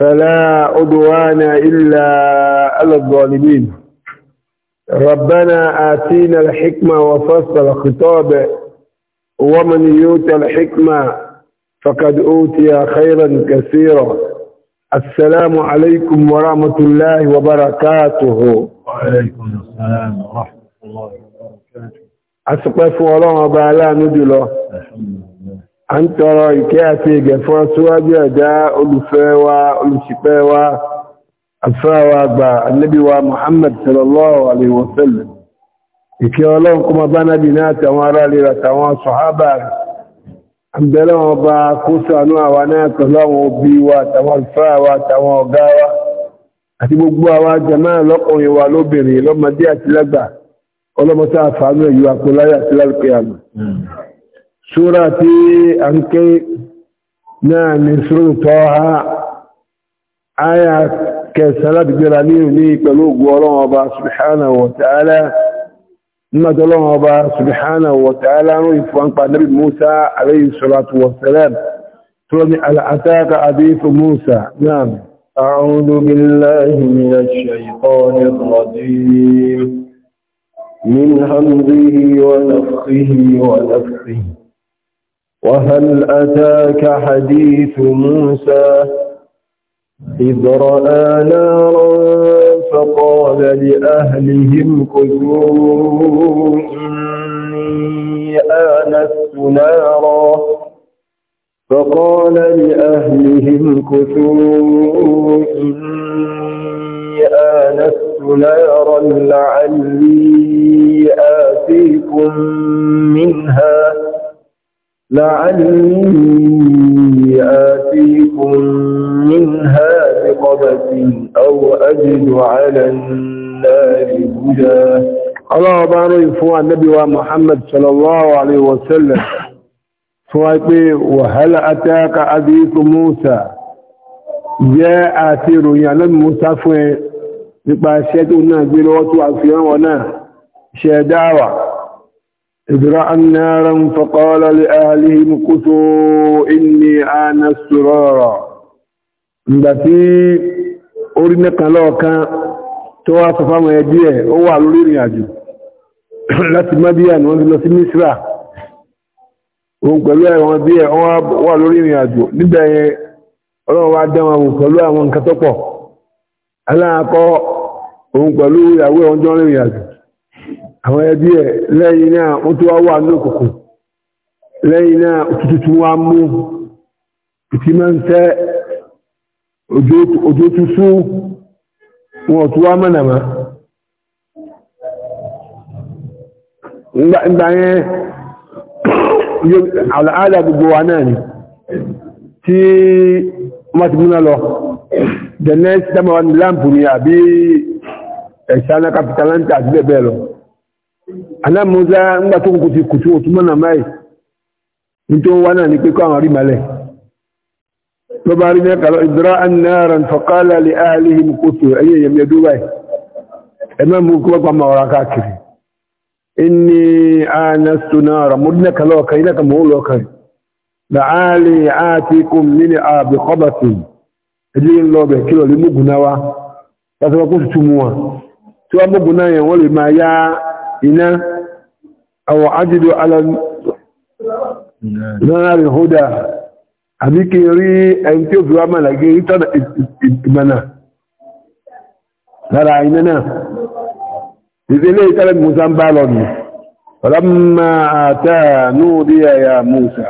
فلا عدوان إلا على الظالمين ربنا آتينا الحكمة وفصل الخطاب ومن يؤت الحكمة فقد أوتي خيرا كثيرا السلام عليكم ورحمة الله وبركاته وعليكم السلام ورحمة الله وبركاته أسقف ورحمة الله نجله الحمد a ń tọrọ ìkẹ́ àti ìgẹ̀ fún aṣíwájú ẹ̀dá olùfẹ́ wa olùṣìpẹ̀ wa afẹ́wà àgbà annabiwa muhammad sallallahu alaihi wasallam ìkẹ́ ọlọ́run kọmọ bá nábi náà tàwọn ará lè ràtàwọn sọ̀hábà rẹ̀ àbẹ̀rẹ̀ wọn bá kó sànú àti gbogbo àwa jàmáà lọ́kùnrin wa lóbìnrin lọ́mọdé àti lágbà ọlọ́mọsá àfàánú ẹ̀yọ́ àpòláyà àti lálùpẹ̀ àmì súra tí a ń ké náà ni súrù tọ́ha áyà kẹsàn láti gbéra ní òní pẹ̀lú ogun ọlọ́run ọba subhanahu wa ta'ala nígbàtí ọlọ́run ọba subhanahu wa ta'ala ń rìn fún pa nabi musa alayhi salatu wa salam tó ní al'ataka adéfò musa náà أعوذ بالله من الشيطان الرجيم من همزه ونفخه ونفخه وهل أتاك حديث موسى إذ رأى نارا فقال لأهلهم كثوا إني آنست نارا فقال لأهلهم كثوا إني آنست نارا لعلي آتيكم منها لعلي آتيكم منها بقبس أو أجد على النار هدى الله بارك فوى النبي محمد صلى الله عليه وسلم فوى وهل أتاك حديث موسى يا آتير يعني موسى فوى nípa ṣẹ́tù náà gbé lọ́wọ́ tó ازرعا نارا فقال لأهلهم كثوا إني آنست نارا بتي a قلوكا توا صفام يديه هو على الرين يجي láti madian wọ́n ti lọ sí misra wọn pẹ̀lú àwọn bí ẹ̀ wọ́n wà lórí ìrìn àjò níbẹ̀ yẹn ọlọ́run wá dá wọn pẹ̀lú àwọn nǹkan tó pọ̀ aláàkọ́ òun pẹ̀lú ìyàwó ẹ̀ wọ́n jọ àjò àwọn ẹbí ẹ̀ lẹ́yìn náà wọ́n tó wá wà ní òkùnkùn lẹ́yìn náà òtútù tún wá mú ìtí máa ń tẹ́ òjò tútù wọn tó wá mọ̀nàmá ìgbà yẹn àlàáda gbogbo wa náà ni tí wọ́n ti múná lọ the next time wọ́n ni lámpù ni àbí ẹ̀ṣánà capitalanta àti bẹ́ẹ̀ bẹ́ẹ̀ lọ alámúzá ńgbà tó kùkù ti kùtù òtún mọ́nà máì ní tó wá náà ní pé kọ́ àwọn rí malẹ̀ ló bá rí ní ẹ̀kà lọ ìdúrà annára fọ́kálà lè áàlìhìn kòtò ẹ̀yẹ yẹmí ẹdú báyìí ẹ̀mẹ́ mú kí wọ́n pa máa ọ̀rá káàkiri inni anastu nára mo dín ẹ̀kà lọ́ọ̀kan ilé ẹ̀kà mọ́ lọ́ọ̀kan làálì àti kùm nínú náà yẹn wọ́n lè máa yá iná أو عجل على نار الهدى àbí kí rí ẹni tí ó fi wá mọ̀ lágé ìtọ́nà ìgbẹ̀nà lára iná náà ìdílé ìtọ́lẹ̀ Musa ń bá lọ nù ọ̀lọ́mà àtàà ní orí ẹ̀yà Musa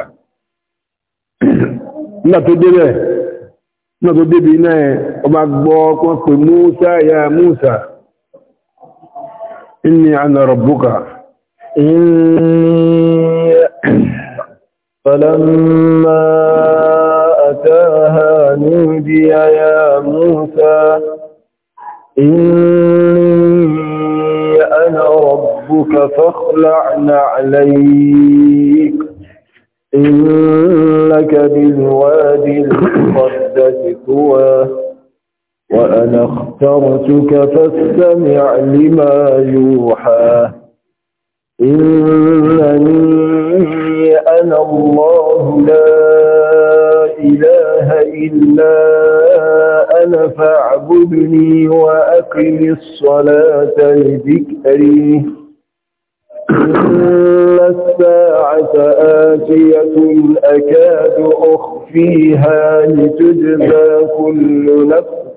ya ya Musa anọrọ ka. إني فلما أتاها نودي يا موسى إني أنا ربك فاخلع عليك إنك بالوادي المقدس طوى وأنا اخترتك فاستمع لما يوحى إنني أنا الله لا إله إلا أنا فاعبدني وأقم الصلاة لذكري إن الساعة آتية أكاد أخفيها لتجزى كل نفس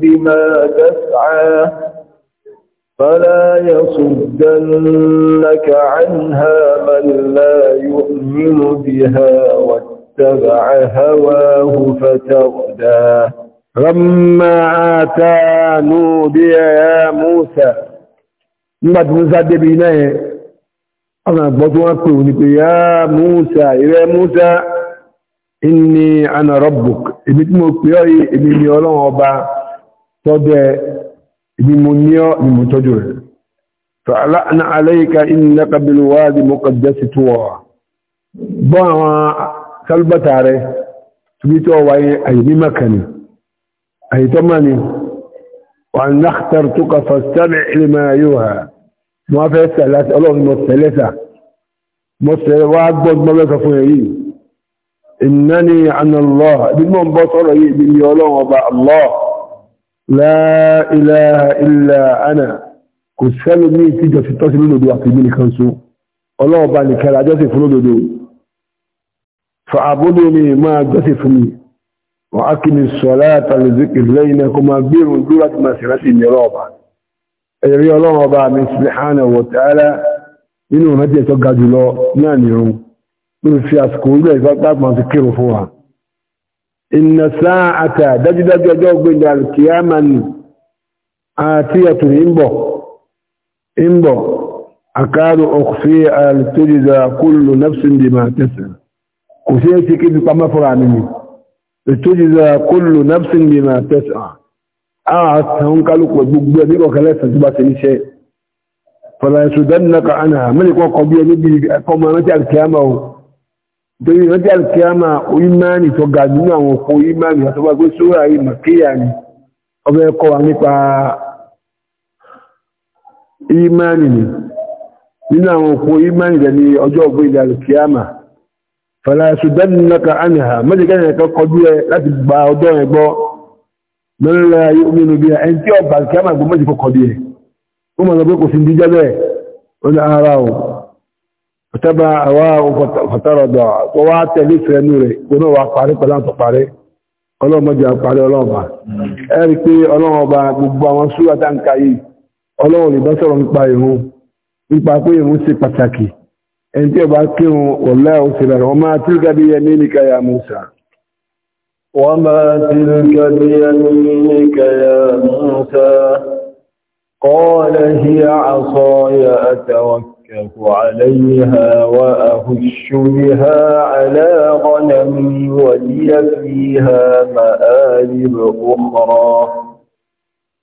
بما تسعى فلا يصدنك عنها من لا يؤمن بها واتبع هواه فتغدى رما آتانوا بها يا موسى nígbà tí wọ́n sáde bí náà yẹn ọ̀nà àgbọ́ tó wọ́n pè wọ́n ni pé yá múùsà ìrẹ́ múùsà inni ana rabbuk èmi tí mo pè ọ́ yìí èmi ni ọlọ́run ọba tọ́jọ́ بمنيا بمتجر فعلأنا عليك إنك بالوادي مقدس توا با كالبتارة تبيتوا وعي أي بمكاني أي تماني وأن اخترتك فاستمع لما ما في الثلاثة الله المثلثة مثل واحد ملك فيه إنني عن الله بمن بصر بمن الله لا إله إلا أنا كسلو مي تيجو ستاسي منو دو أفي مني كنسو الله باني كلا جاسي فنو دو فعبدوني ما جاسي فمي وأكن الصلاة لذكر لينكما بير دولة ما سرسي نرابا أيري الله با من سبحانه وتعالى منو هدي تقعد له نانيرو من في أسكول بيفاتات ما ذكروا فوها inna sa'ata dájúdájú ọjọ́ gbẹ̀dẹ̀ alkiyama ni àti ẹ̀tù ìmbọ̀ ìmbọ̀ àkàrù ọkùfẹ́ alìtòjìdà kúlù nafsin bí máa tẹ́sẹ̀ kò sí ẹ̀sì kí nípa mẹ́fọ́ra nínú ìtòjìdà kúlù nafsin bí máa tẹ́sẹ̀ a tàn kálùkù gbogbo ẹni kọ̀kẹ́lẹ́ torí ìrántí alkiyama onímánì tó ga nínú àwọn òkú onímánì àtọ́gbà pé sóra yìí màkíyà ni ọbẹ̀ kọ́ wa nípa onímánì ni nínú àwọn òkú onímánì rẹ̀ ní ọjọ́ ọgbọ́n ilẹ̀ alkiyama falasudannaka anha mẹ́jẹ̀kẹ́ni ẹ̀kọ́ kọjú ẹ láti gba ọjọ́ ẹ gbọ́ mẹ́rẹ́lá omínú bí ẹni tí ọba فتبع هواه فترضى ووعدت لي في نوري ونوع قاري فلا تقاري ọlọ́mọ jẹ́ àpàrí ọlọ́ọ̀bà ẹ̀rí pé ọlọ́ọ̀bà gbogbo àwọn súwà tá ń ka yìí ọlọ́wọ̀ lè bá sọ̀rọ̀ nípa ìrun nípa pé ìrun ṣe pàtàkì ẹni tí ọba kírun ọ̀lá òsè أتكأ عليها وأهش بها على غنمي ولي فيها مآرب أخرى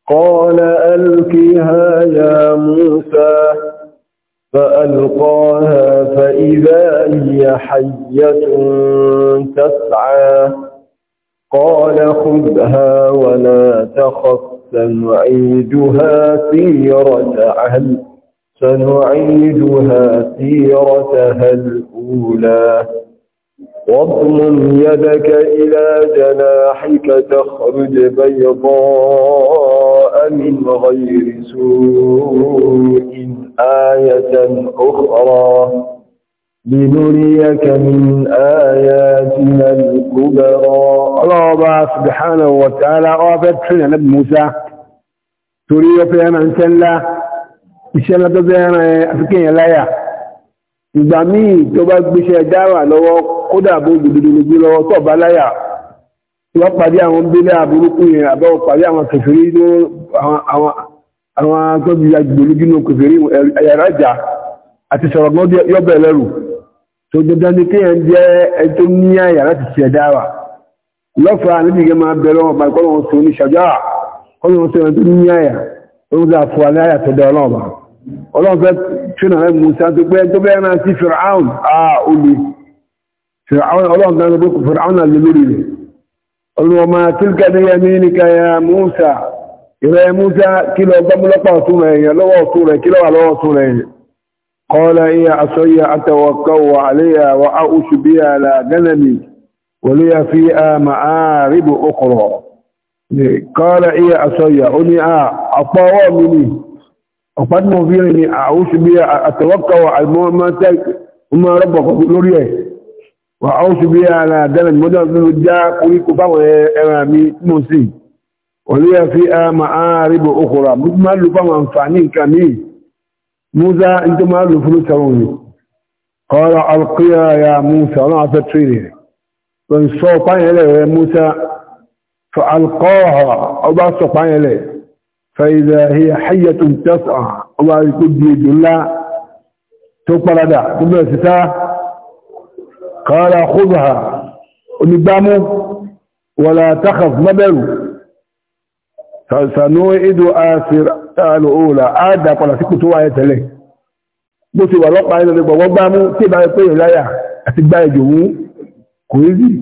قال ألقها يا موسى فألقاها فإذا هي حية تسعى قال خذها ولا تخف سنعيدها سيرتها سنعيدها سيرتها الأولى واضم يدك إلى جناحك تخرج بيضاء من غير سوء آية أخرى لنريك من آياتنا الكبرى الله سبحانه وتعالى وفت نبي موسى تريد أن أنسان له iṣẹ́ lọ́dọ́dọ́ ẹran àfikẹ́ yẹn láyà ìgbà míì tó bá gbéṣẹ́ dáwà lọ́wọ́ kódà bó gbogbogbò lọ́wọ́ tó bá láyà tí wọ́n parí àwọn bílẹ̀ àbúrúkú yẹn àbẹ́wọ̀ parí àwọn kẹfìrí tó àwọn tó bí agbègbèlógínú kẹfìrí ayàrájà àti sọ̀rọ̀ mọ́ yọ́bẹ̀ lẹ́rù tó dandan ní kéèyàn jẹ́ ẹni tó ní àyà láti ṣe dáwà lọ́fà níbi ìgbà máa bẹ̀rẹ̀ wọn báyìí kọ́ ọlọ́fẹ́ tún àwọn musa tó pẹ́ tó bẹ́ẹ̀ náà sí fir'aun àà olè fir'aun ọlọ́fẹ́ tó bẹ́ẹ̀ fir'aun náà lè lórí rẹ̀ ọlọ́mà tilka ní yaminika ya musa ìrẹ́ musa kí lọ gbọ́mọlọ́pàá ọ̀tún rẹ̀ yẹn lọ́wọ́ ọ̀tún rẹ̀ kí lọ́wọ́ lọ́wọ́ ọ̀tún rẹ̀ yẹn qala iya asayya atawakkau alayha wa a'ushu biha ala ganami wa liya ọ̀pá tí wọ́n fi rìn ní àwúṣù bí àtọwọ́kọ̀ àmọ́ rọ́bọ̀kọ̀ lórí ẹ̀ wà áwúṣù bí ara àdẹ́rẹ̀ mọ́jọ́ tó já oríkò fáwọn ẹran mi mọ́ sí orí ẹ̀ fi àmà àárìbò okòrà máa lù fáwọn àǹfààní nǹkan mi Musa ń tó máa lù fún sọ́run ni ọ̀rọ̀ alkíyà ya Musa ọ̀rọ̀ afẹ́ tírì rẹ̀ tó ń sọ páyẹlẹ̀ rẹ̀ Musa fọ alkọ́ọ̀họ̀ ọba sọ páyẹlẹ̀ فإذا هي حية تسعى الله يقول دي جلا تقبل دا ثم ستا قال خذها ونبامه ولا تخف مبر فسنوئد آسر آل أولى آدى قال سكتوا آية لي بسي والله قائد لي ووضامه سيبا يقول لا يا أتبا يجوه كويزي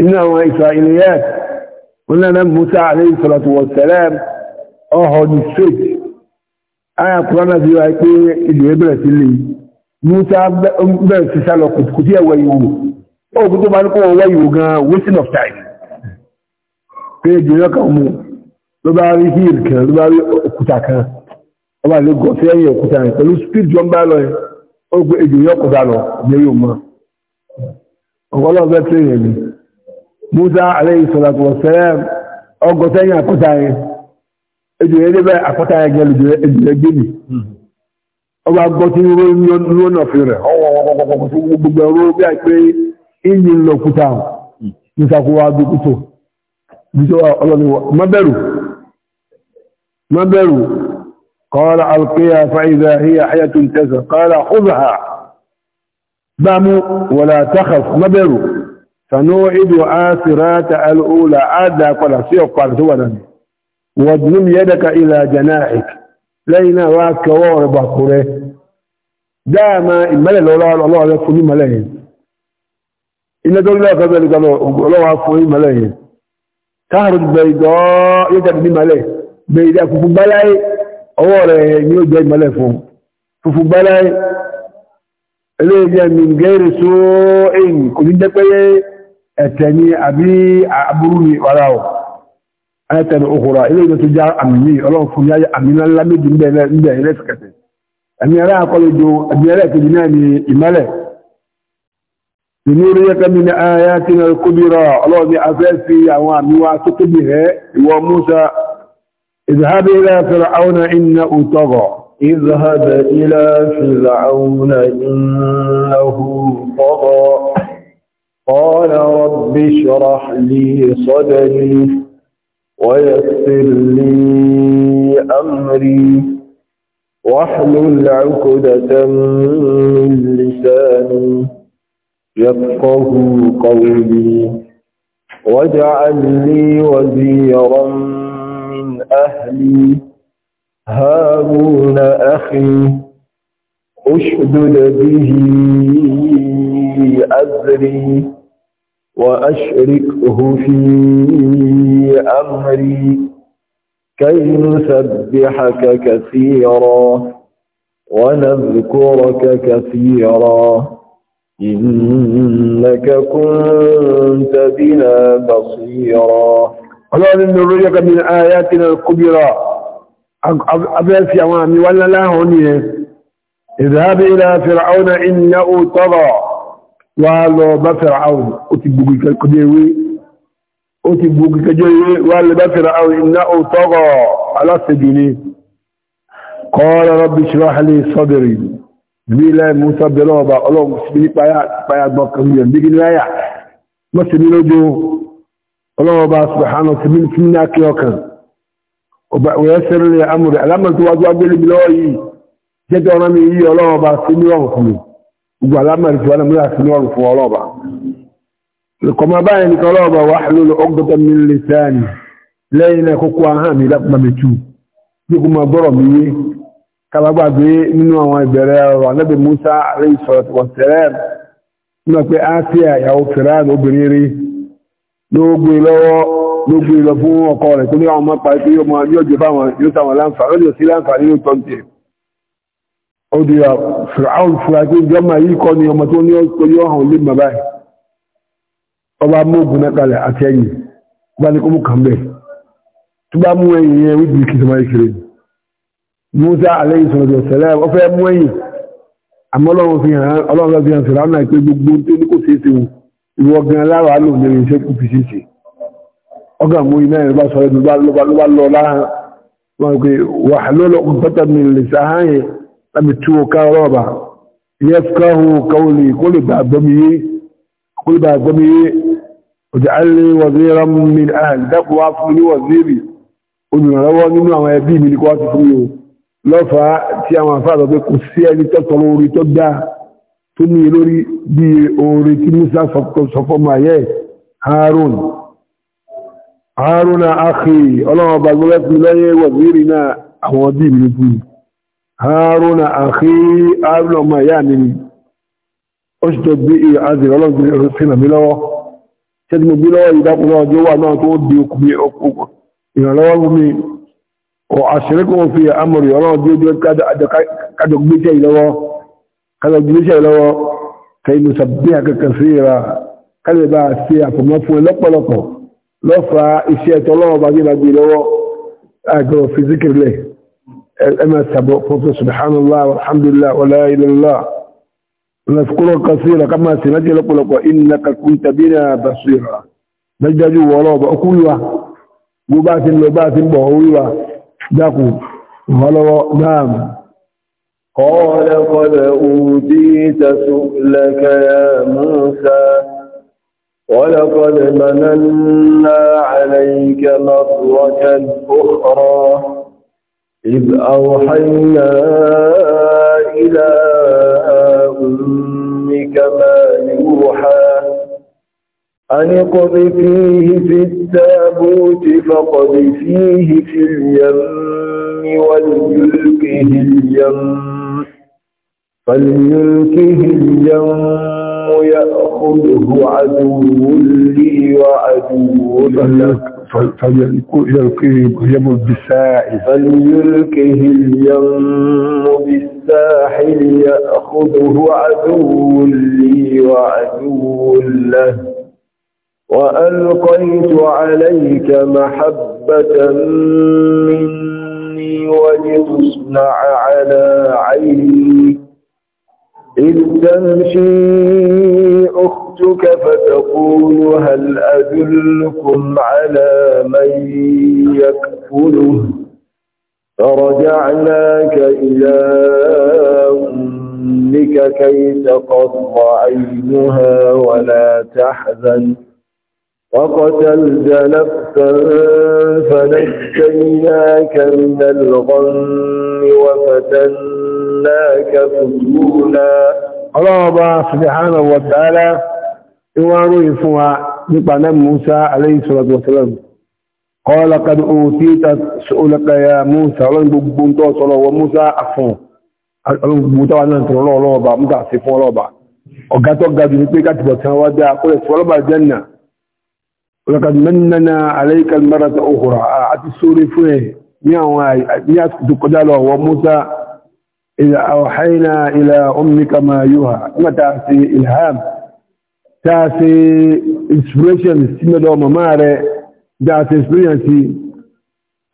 إنه إسرائيليات wọ́n lẹ́nà Musa alayhi salatu wa salam ọ̀họ̀ ní straight aya kúránà bí wáyé pé ìlú ẹbẹ̀rẹ̀ sí lè Musa bẹ̀rẹ̀ sí sálọ kùtùkùtù ẹ̀wọ̀ ìwò ó kú tó bá ní wasting of time pé èdè náà kan mú ló bá rí hìl kan ló bá rí òkúta kan Musa alayhi salatu wa salam ọgọ́ sẹ́yìn yẹn ejò yẹn débẹ̀ àkọ́ta yẹn gẹ́lù ejò yẹn gbé ọba gbọ́ tí ń ró náà gbogbo bí pé ń lọ hmm. سنوعد آثرات الأولى عادا قال سيق قال سوانا واضم يدك إلى جناحك لينا واك واربا قره داما إمال الله الله عليه فمي ملايين إن دول الله كذلك الله عفوه ملايين تهرج بيضاء يدك بملايين بيضاء ففو بلاي أولا يوجد جاي ملايين فهم ففو بلاي إليه من غير سوء كل دقيقة ẹ̀tẹ̀ ni àbí àbúrú ni wàrà ọ̀ ayẹ́tẹ̀ ni ilé ìjọ tó já àmì yìí ọlọ́run fún yáyẹ méjì ńbẹ̀ ẹlẹ́sìkẹsẹ̀ ẹ̀mí ẹ̀rẹ́ àkọlẹ́jọ ẹ̀mí ẹ̀rẹ́ kejì náà ni ìmọ́lẹ̀ a قال رب اشرح لي صدري ويسر لي أمري واحلل عقدة من لساني يفقه قولي واجعل لي وزيرا من أهلي هارون أخي أشدد به أزري وأشركه في أمري كي نسبحك كثيرا ونذكرك كثيرا إنك كنت بنا بصيرا قال إن رجك من آياتنا الكبرى أبيت يا مامي ولا لا هني اذهب إلى فرعون إنه طغى wá lọ bá fẹ̀rẹ̀ àwọn ó ti gbogbo ìkẹjọ ewé ó ti gbogbo ìkẹjọ ewé wá lọ bá fẹ̀rẹ̀ àwọn iná ó tọ́gọ̀ aláṣẹ́jù ni kọ́ọ̀rọ̀ rọ́bì ṣíwáhálì sọ́bìrì bílẹ̀ musa bẹ̀rẹ̀ ọba ọlọ́run sí ní payà gbọ́kàn ويسر لي امري علامه واجب لي gbogbo alámàrí tí wọ́n mú láti ní ọrùn fún ọlọ́ọ̀bà lùkọ́mọ báyìí nìkan ọlọ́ọ̀bà wà lólu ọgbọ́tọ̀ mi lè sáàni lẹ́yìn náà kókó ahọ́n mi lápapàmẹ́tù bí kò gbọ́rọ̀ mi yé kábàgbàgbé nínú àwọn ìbẹ̀rẹ̀ ọ̀rọ̀ anábì Musa alayhi salatu wa salam nígbà pé Asiya ìyàwó fìràn obìnrin rí ló lọ́wọ́ ló lọ fún ọkọ ó di fìràún fúra tí jọmọ yìí kọ́ ni ọmọ tó ní ọkọ̀ ọ̀hún lè mọ̀ báyìí ọba mọ́gùn náà kalẹ̀ àti ẹ̀yìn bá ní kó mú kàn bẹ́ẹ̀ tó bá mú ẹ̀yìn yẹn wíjì kìí sọmọ ìkiri Musa alayhi salatu wa salam ó fẹ́ mú ẹ̀yìn àmọ́ ọlọ́run fi hàn ọlọ́run fi hàn fìràún náà pé gbogbo tó ní kò ṣeé ṣe wò ìwọ gan lára lò ní irinṣẹ́ kù fi ṣe ṣe ọgá mú iná ẹ̀rọ bá ló bá lọ lára wọn pé wàhálà ọlọ́kùn mi lè sáháyẹn láti tú ọká ọlọ́ọ̀bà yẹ́fkáhù kọlì kólìbà gbọmiyé ọjà alẹ́ wàzíra min ahàlì dákùwá fún ní wàzírí olùrànlọ́wọ́ nínú àwọn ẹbí mi ní kọ́ ti fún yóò lọ́fà tí àwọn àfáàdọ̀ pé kò sí ẹni tọ́tọrọ orí ní lórí àwọn ọdí mi fún yìí haruna àkí àrùn ọmọ ìyá mi ni ó sì tó gbé àzìrì ọlọ́gbìn fìnà mi lọ́wọ́ tí mo gbé lọ́wọ́ ìdákùnrin ọjọ́ wà náà tó di okùnrin okùnrin ìrànlọ́wọ́ mi ọ̀ àṣíríkùn fi àmọ̀rì ọlọ́dún ojú kájọ gbéṣẹ́ ìlọ́wọ́ kẹ́yìnú sàbí àkẹ́kẹ́ sí ra kálẹ̀ bá sí àfọ̀mọ́ fún ẹ lọ́pọ̀lọpọ̀ lọ́fà iṣẹ́ ẹ̀tọ́ ọlọ́wọ́ bá gbé lọ́wọ́ àgbọ̀ fìzíkìrìlẹ̀ أما تبقى سبحان الله والحمد لله ولا إله الله نذكر كثيرا كما سنجل قلق إنك كنت بنا بصيرا نجد ولو بأكوية وبات لبات بهوية داكو ولو نام قال قد أوتيت سؤلك يا موسى ولقد مننا عليك مرة أخرى إذ أوحينا إلى أمك ما يوحى أن اقذفيه في التابوت فاقذفيه في اليم وليلقه اليم فليلقه اليم يأخذه عدو لي وعدو لك فليلقيه اليم بالساحل فليلقه اليم بالساحل يأخذه عدو لي وعدو له وألقيت عليك محبة مني ولتصنع على عيني إذ تمشي أخرى زوجتك فتقول هل أدلكم على من يكفله فرجعناك إلى أمك كي تقض عينها ولا تحزن وقتلت نفسا فنجيناك من الغم وفتناك فتونا الله سبحانه وتعالى wọ́n ròyìn fún wa nípa náà Musa alayhi salatu wa salam qala qad utita su'laka ya Musa ọlọ́run gbogbo ń tọ́ sọ́lọ́ wọ Musa àfún ọlọ́run gbogbo táwa náà tọ̀rọ̀ lọ́wọ́ lọ́wọ́ba mú tà sí fún ọlọ́ba ọ̀gá tó ga jù ní pé káàtì bọ̀tán wá dá akọ́lẹ̀ dáàsì inspiration sí mẹ́lọ màmá rẹ̀ dáàsì experience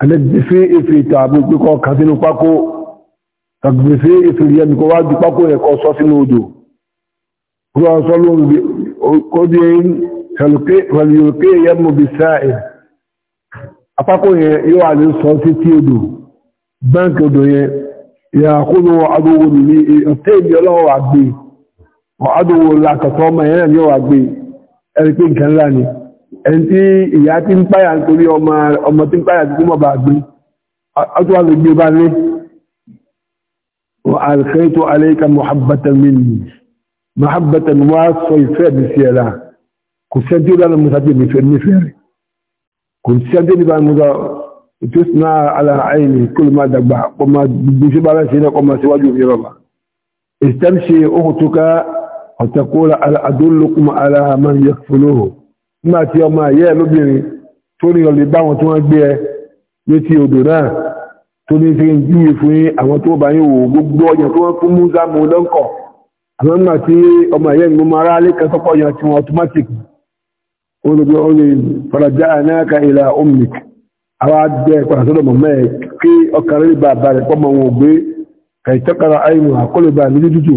alẹ́gbẹ̀fẹ́ èfè tààbí pẹ́kọ́ kan sínú pákó tàgbẹ̀fẹ́ èfè rí ẹnìkan wá ju pákó rẹ̀ kọ́ sọ sínú odò kúrò sọ lóhun kó bí ẹ̀yìn yẹ́mù bí sáà apákó yẹn yóò wà ní sọ sí tí odò báńkì odò yẹn ìyàkúnnù agbóhùn ní ọ̀tẹ́ ìbí ọlọ́wọ́ àgbè ọ̀ádùwò lákọ̀ọ́kọ́ ọmọ ẹ̀yẹn ní ọwà gbé ẹni pé nǹkan ńlá ni ẹni tí ìyá tí ń páyà nítorí ọmọ tí ń páyà tí mọ̀ bá gbé ọjọ́ àgbè gbé bá lé alkhaitu alayka muhabbatan minni muhabbatan wa sọ ìfẹ́ mi sí ẹ̀la kò sẹ́jú lánàá musa jẹ́ mi fẹ́ mi fẹ́ rẹ̀ kò sẹ́jú nípa musa tó sì náà ala àìní kó lè dàgbà kó gbogbo ṣe ṣe náà kó má síwájú òfin rọ̀bà ìsẹ́mṣe ó kò tó ká وتقول ألا أدلكم على من يكفلوه ما تيوم يا لبني توني اللي باو توني بيه يتي ودنا توني تين جي فوني أما تو باي وغبو يا تو كموزا مولنكو أما ما تي أما يا ممارا لك تقول يا تو أوتوماتيك olùgbé orí farajà náà ilẹ̀ omnic àwọn adẹ́ pàtàkì mọ̀mọ́ ẹ̀ kí ọkàrí bàbá rẹ̀ pọ́mọ̀ wọn gbé kàìtọ́kàrà àìmọ̀ àkọlùbà ní dúdú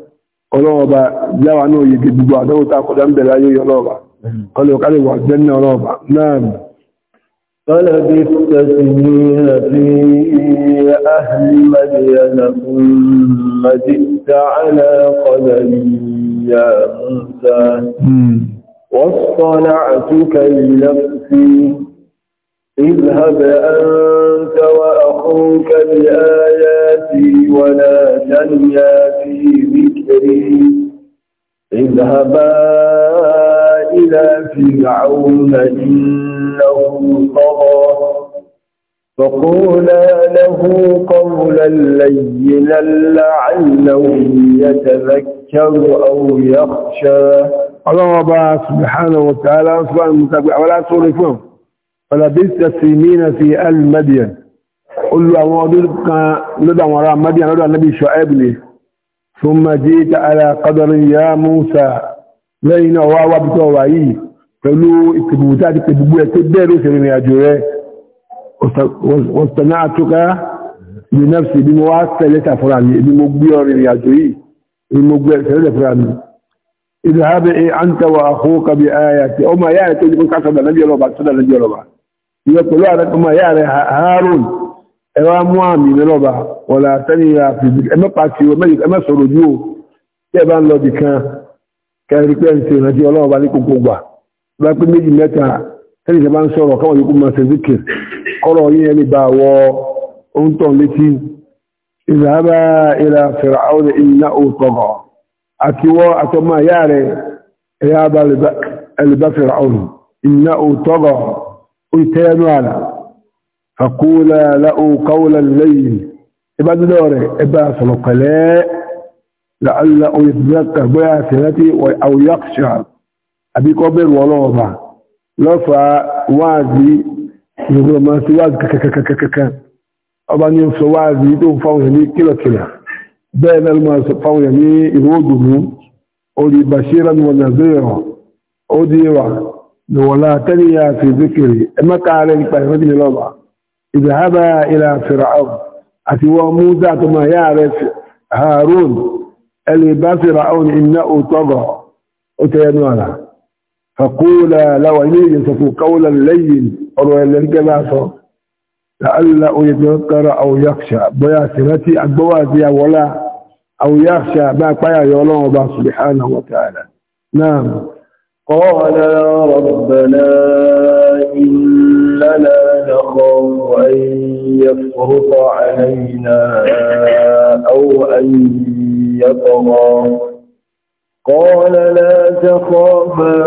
ọlọ́ọ̀ba láwà náà yìí gbogbo àdánwò kọjá ń bẹ̀rẹ̀ ayé ọlọ́ọ̀ba ọlọ́ọ̀kálẹ̀ wà jẹ́nà ọlọ́ọ̀ba náà أهل مدين ثم جئت على يا واصطنعتك لنفسي اذهب أنت وأخوك بآياتي ولا تنيا في ذكري اذهبا إلى فرعون إنه طغى فقولا له قولا لينا لعله يتذكر أو يخشى الله أبا سبحانه وتعالى أصبح المتابع ولا تعرفهم فلبثت سنين في آل مدين قل له أمودك لدى وراء المدين لدى النبي شعيب لي ثم جئت على قدر يا موسى لين واوا بتواي قالوا اتبوتات تبوي تدرو سرين يا جوه واستنعتك لنفسي بمواصلة فراني بمقبير يا جوي بمقبير سرين فراني اذهب انت واخوك بآياتي اما يا تجي كنت عصد النبي الله بعد صدى النبي الله بعد يقولوا لك ما يا هارون ẹwà mú àmì lọ́ba wọ̀lá àtẹ́lẹ̀ àfìdí ẹmẹ́pàá ti ẹmẹ́sọ̀rọ̀ ojú o tí ẹ bá ń lọ bì kan kẹrin pé ẹni tí ìrántí ọlọ́ọ̀bá ní gbogbo gbà bá pé méjì mẹ́ta tẹ́lẹ̀ ìjọba ń sọ̀rọ̀ káwọn yòókù máa ṣe zikir kọ́rọ̀ yín ẹni bá wọ ohun tó ń létí ìlàbá ìlà fẹ̀rẹ̀ àwọn iná òtọ̀gọ̀ فقولا له قولا الليل ابن دوره ابا سلقلاء لعله يتذكر بأسنتي أو يخشع أبي قبر ولوما لفا وازي يقول ما سواز كككككك أبان ينفى وازي يدون فوهني كلا كلا بين الماس فوهني يوجد أولي بشيرا ونذيرا أوديوا ولا تنيا في ذكري أما تعالى لك بأسنتي لوما اذهبا إلى فرعون اتي وموسى ثم يعرف هارون اللي فرعون إنه طغى أتينوانا فقولا لو إليه سفو قولا لين أروي للجلاسة لألا يتذكر أو يخشى بيا سنتي أدواتي ولا أو يخشى ما قايا يولون سبحانه وتعالى نعم قال يا ربنا إننا أخاف أن يفرط علينا أو أن يطغى قال لا تخافا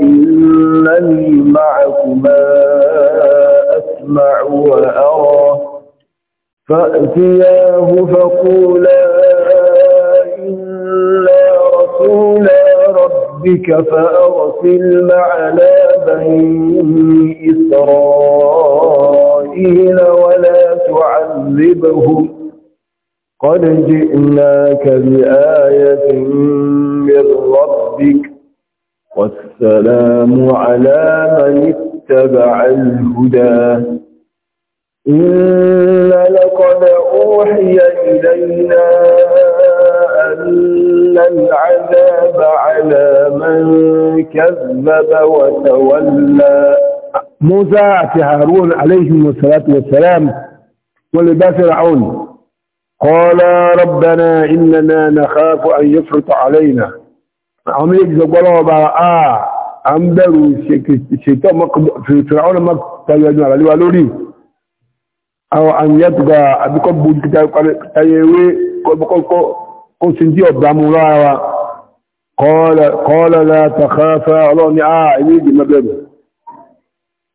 إنني معكما أسمع وأرى فأتياه فقولا ربك فأرسل معنا بني إسرائيل ولا تعذبهم قد جئناك بآية من ربك والسلام على من اتبع الهدى إن لقد أوحي إلينا العذاب على من كذب وتولى موسى هارون عليه الصلاة والسلام ولباس فرعون قال ربنا إننا نخاف أن يفرط علينا عم يكذب وباء بقى عم آه، داروا الشيطان في فرعون ما تجدون على الوالوري أو أن يطغى أبقى بوجه تايوي كبقى ó ti dí ọ̀bá mú rárá kọ́ọ̀lọ́lá tàkàfà ọlọ́run ní àà ilé ìgbìmọ̀ bẹ̀rẹ̀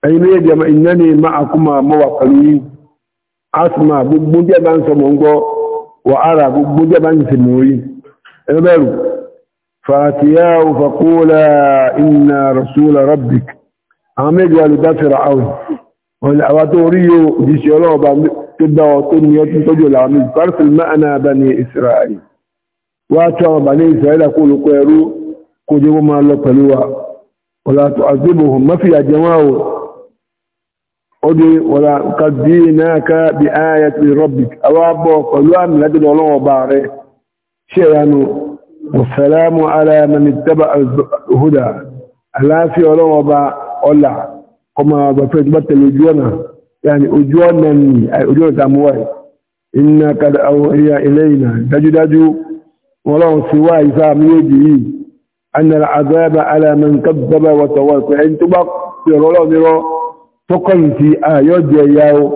ẹ̀yìn ilé ìgbìmọ̀ iná ni ma a kú máa mọ́ wà pẹ̀lú yìí asma gbogbo díẹ̀ bá ń sọ mọ̀ ń gbọ́ wà ara gbogbo díẹ̀ bá ń sì mú rí ẹ̀rọ fàtíyà òfàkúlà wá tó àwọn bàní ìsìláìlà kó olùkọ ẹrú kó jẹ́ wọ́n máa lọ pẹ̀lú wa wọ́la tó àgbébò hùn mọ́fìyà jẹun àwọ̀ ọdún wọ́la kàbí náà ká bí ayé ti rọ́bìk awábọ̀ pẹ̀lú àmì lájọ́dọ̀ ọlọ́wọ́ bá rẹ̀ ṣe ولو سوى إسام يجي أن العذاب على من كذب وتواصى أنت بقر الله نرى فقن في آيات جياو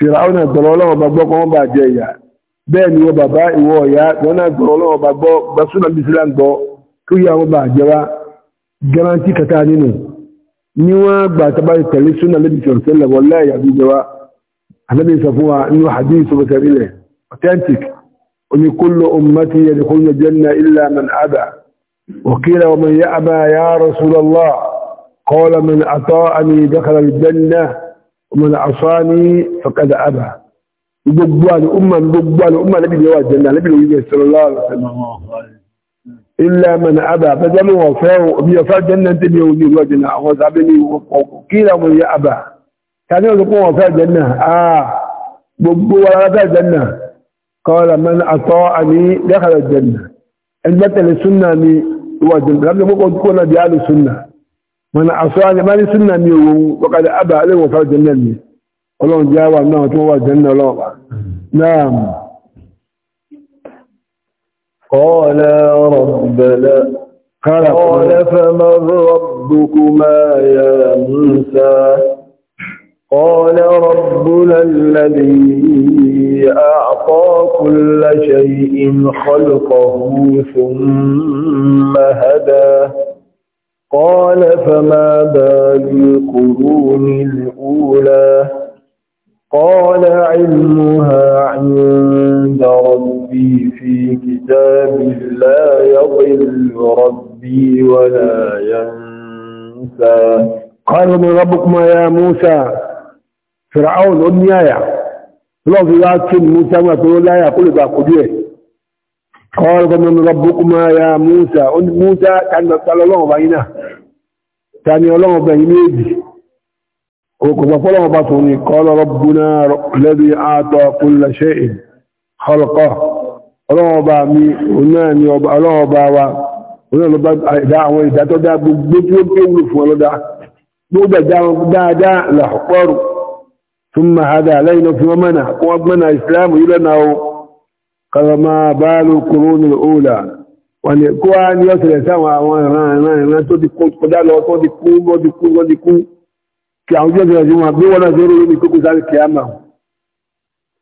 فرعون الضلالة وبابوك وما جيا بين وبابا إيويا وانا الضلالة وبابو بسونا بسلام دو كويا وما جوا جرانتي كتانينو نيوا باتباري تلسونا لبي سرسلة والله يا بيجوا النبي صفوها إنه حديث وبسر إليه authentic ومن كل أمتي يدخلون الجنة إلا من أبى وقيل ومن يأبى يا رسول الله قال من أطاءني دخل الجنة ومن عصاني فقد أبى بقوان أمة بقوان أمة نبي لي الجنة نبي لي صلى الله عليه وسلم إلا من أبى فجمع وفاو بيفاء الجنة أنت بيوني الجنة وزابني وقيل ومن يأبى كان يقول وفاء الجنة آه بقوان أبى الجنة قال من أطاعني دخل الجنة إن المثل السنة مي هو الجنة لم يكن تكون بأهل السنة من أصاني ما السنة مي وقد أبى عليه وفر الجنة مي ọlọ́run jẹ́ wà náà tó wà jẹ́nà ọlọ́pàá náà kọ́ọ̀lẹ́ rọ̀bẹ̀lẹ́ kọ́ọ̀lẹ́ fẹ́mọ́ rọ̀bùkúmá yà mùsá kọ́ọ̀lẹ́ rọ̀bùlẹ́lẹ́lẹ́ أعطى كل شيء خلقه ثم هدى قال فما بال القرون الأولى قال علمها عند ربي في كتاب لا يضل ربي ولا ينسى قال من ربكما يا موسى فرعون أبنيايا lọ́wọ́ fi wá kí ni Musa máa tó láyà kó lè bá kojú ẹ̀ kọ́ọ̀rọ̀ gbọ́nà ní rabbukuma ya Musa ó ní Musa tani ọlọ́wọ́ bá yín náà tani ọlọ́wọ́ bá yín méjì òkò gbọ́pọ́ lọ́wọ́ bá tòun ní kọ́ọ̀rọ̀ rabbuna lẹ́bi àtọ̀ kulla shay'in khalqa ọlọ́wọ́ bá mi òun náà ni ọlọ́wọ́ bá ثم هذا علينا في ومنع ومنع الإسلام إلينا كما بال القرون الأولى wọ́n kó wá ní ọ̀sẹ̀lẹ̀ sáwọn àwọn ìran ìran tó ti kọjá lọ tó ti kú wọ́n ti kú wọ́n ti kú kí àwọn jẹ́ ìrìnàjò wọn bí wọ́n náà tó rí ní kókó sáré kí á mà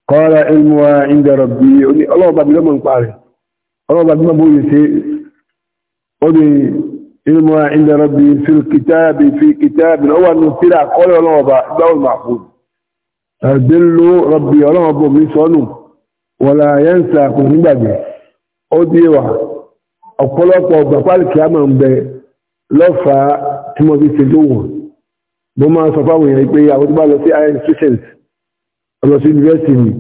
kọ́ra ilmọ̀ ìdẹ̀rọ̀ bí àdélò rọ̀bì ọlọ́wọ́ bò mí sọ́nù wọ̀lá yẹ́nsà kò nígbàgbé ó dé wà ọ̀pọ̀lọpọ̀ gbàpálì kìámà ń bẹ lọ́fà tí mo fi ṣètò wọn mo máa sọ fáwọn èèyàn pé àwọn tó bá lọ sí higher institutions lọ sí university ni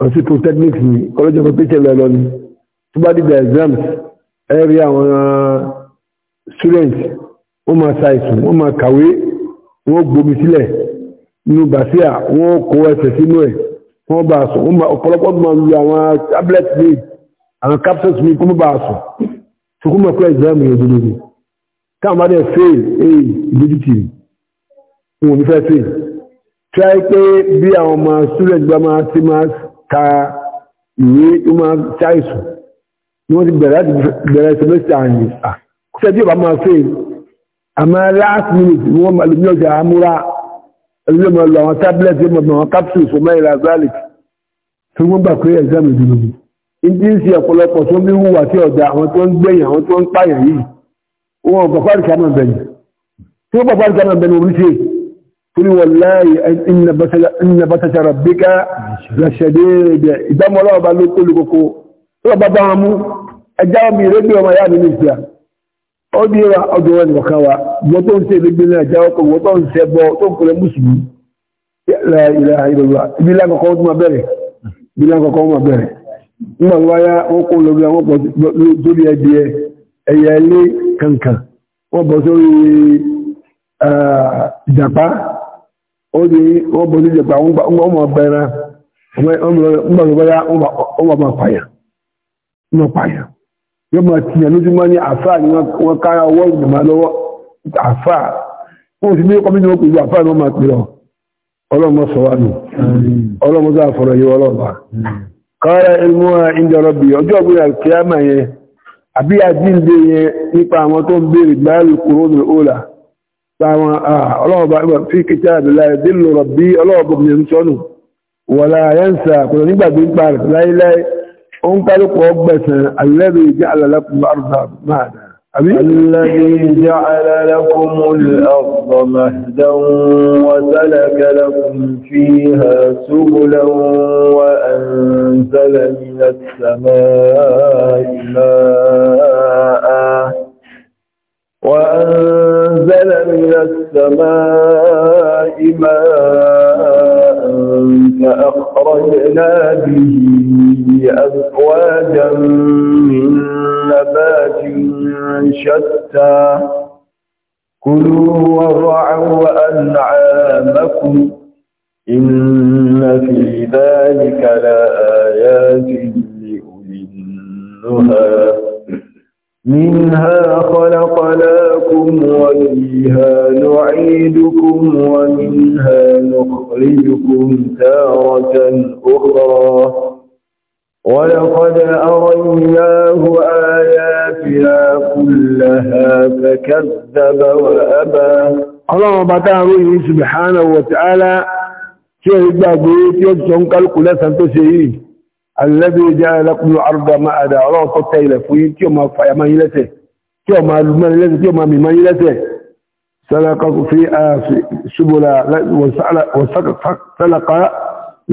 lọ sí polytechnic ni college of education lọ ni tó bá dìgbà exams ẹ rí àwọn uh, students wọ́n máa ṣàìsùn wọ́n máa kàwé wọ́n gbomi sílẹ̀ inú bàtíà wọ́n kó ẹsẹ̀ sínú ẹ̀ wọ́n bá sùn wọ́n bá ọ̀pọ̀lọpọ̀ máa lu àwọn tablet mi àwọn capsules mi kó mọ́ bá sùn tó kó mọ̀ pé exam yẹn dúró ni káwọn bá dẹ̀ fail ee eh, ìdójútì wọn ò ní fẹ́ fail try pé bí àwọn ọmọ student bá máa ti máa ka ìwé tó máa ṣàìsùn ni wọ́n ti bẹ̀rẹ̀ láti semester àyìn à kó sẹ́dí ọba máa fail àmọ́ last minute wọ́n máa lè ní ọjà amúra ẹlẹ́yìn máa lo àwọn tábìlẹ̀tì máa lo àwọn capsules fún mẹ́rin azalic tí wọ́n gbà pé exam ìdùnnú mi ìdí ń ṣe ọ̀pọ̀lọpọ̀ tó ní wùwà tí ọ̀dà àwọn tó ń gbẹ̀yìn àwọn tó ń pààyàn yìí wọn bàbá rìkà máa bẹ̀yìn tí wọ́n bàbá rìkà máa bẹ̀yìn orí ṣe torí wọ́n láàyè ìnà bàtàṣà rabbika lẹ́ṣẹ̀dẹ́ ìbẹ̀ ìgbàmọ́lọ́ọ̀bá ló kó lókòkó tó bàbá wọn mú ẹjá mi ìrẹ́gbẹ̀ ọmọ yá mi ní ìgbà ọdún wa ọdún wọn nìkan wa wọ́n tó ń ṣe ìlú gbẹ́lẹ́ àjá ọkọ̀ wọ́n tó ń ṣe bọ́ tó ń pẹ̀lẹ́ mùsùlùmí ilẹ̀ ìrọ̀lá ibi lákọ̀ọ́kọ́ wọ́n máa bẹ̀rẹ̀ ibi lákọ̀ọ́kọ́ wọ́n máa bẹ̀rẹ̀ nígbà wáyá wọ́n kó lórí àwọn pọ̀ lórí ẹdìẹ ẹ̀yà ilé kankan wọ́n bọ̀ sórí ìjàpá ó ní wọ́n bọ̀ sórí ìjàpá wọ́n máa bẹ̀rẹ̀ nígbà wáyá wọ́n máa pààyàn yóò máa tiyàn lójúmọ́ ní àfáà ni wọ́n kára ọwọ́ ìgbìmọ̀ lọ́wọ́ àfáà wọ́n ti ní kọ́mí ní wọ́n pèlú àfáà ni wọ́n máa pèrọ ọlọ́mọ sọ̀wánù ọlọ́mọ sọ àfọ̀rọ̀ yìí ọlọ́mọ kára ilmú ìjọ rọ̀bì ọjọ́ ìgbìyà kíámà yẹn àbí àjíǹde yẹn nípa àwọn tó ń béèrè gbáàlù kúrò ní òòlà táwọn ọlọ́ọ̀bà fi kíkà àbílá ìdílù rọ̀bì ọlọ́ọ̀bà انطلقوا قالوا الذي جعل لكم الارض مهدا الذي جعل لكم الارض مهدا وسلك لكم فيها سبلا وانزل من السماء ماء وأنزل من السماء ماء أخرجنا به أزواجا من نبات شتى كلوا وارعوا أنعامكم إن في ذلك لآيات لأولي النهى منها خلقناكم وفيها نعيدكم ومنها نخرجكم تارة أخرى ولقد أريناه آياتنا كلها فكذب وأبى الله بتعالى سبحانه وتعالى شهد بابوت يجسون كالكولة سنتسيه الذي جاء لكم الارض مهدا ọlọ́run tó tẹ́ ilẹ̀ fún yín tí ó máa fàyà máa yín lẹ́sẹ̀ tí ó máa lùmọ́ lẹ́sẹ̀ tí ó máa mìíràn yín lẹ́sẹ̀ sálàkọ́ fi ṣubúlà sálàkọ́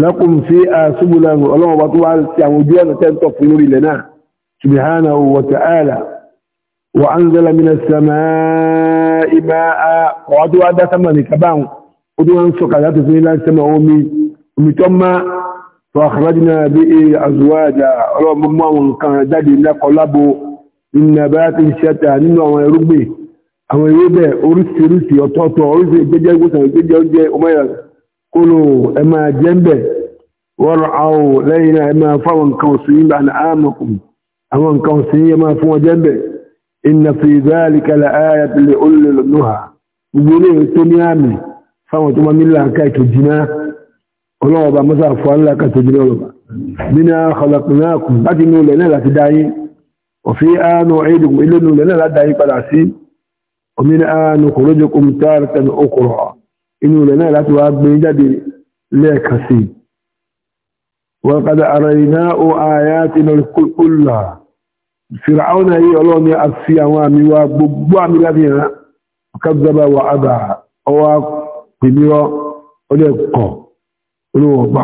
lẹ́kùn fi ṣubúlà ah, ọlọ́run bá tó wá sí àwọn ojú ọ̀nà tẹ́ ń tọ̀ fún fi lan فأخرجنا به أزواجا ربما من كان جدي لك لبو من نبات شتى نمو وما يربي أما يبي أرسي رسي وطوطو أرسي جدي وطن جدي وجي وما يقولوا أما جنبه ورعوا لينا أما فون كوسين بأن آمكم أما كوسين ما فون جنبه إن في ذلك لآية لأولي النهى يقولوا تنيامي فما تمام الله كي تجناه ọlọ́wọ́ bá mọ́sá fún àńlá kàtó jùlọ ọlọ́ba nínú àkọlọ́pìnáàkù láti inú ilẹ̀ náà láti dáyé òfin àánú ẹ̀ẹ́dùn ilé inú ilẹ̀ náà láti dáyé padà sí òmìnira àánú kòrójòkó mùtárìtàn okòrò inú ilẹ̀ náà láti wá gbé jáde lẹ́ẹ̀kan sí wọ́n ara iná ó àyà ti lọ kúlà fìràwọn ayé ọlọ́run ni a fi àwọn àmì wa gbogbo àmì láti hàn kábíyàbá olówó gbà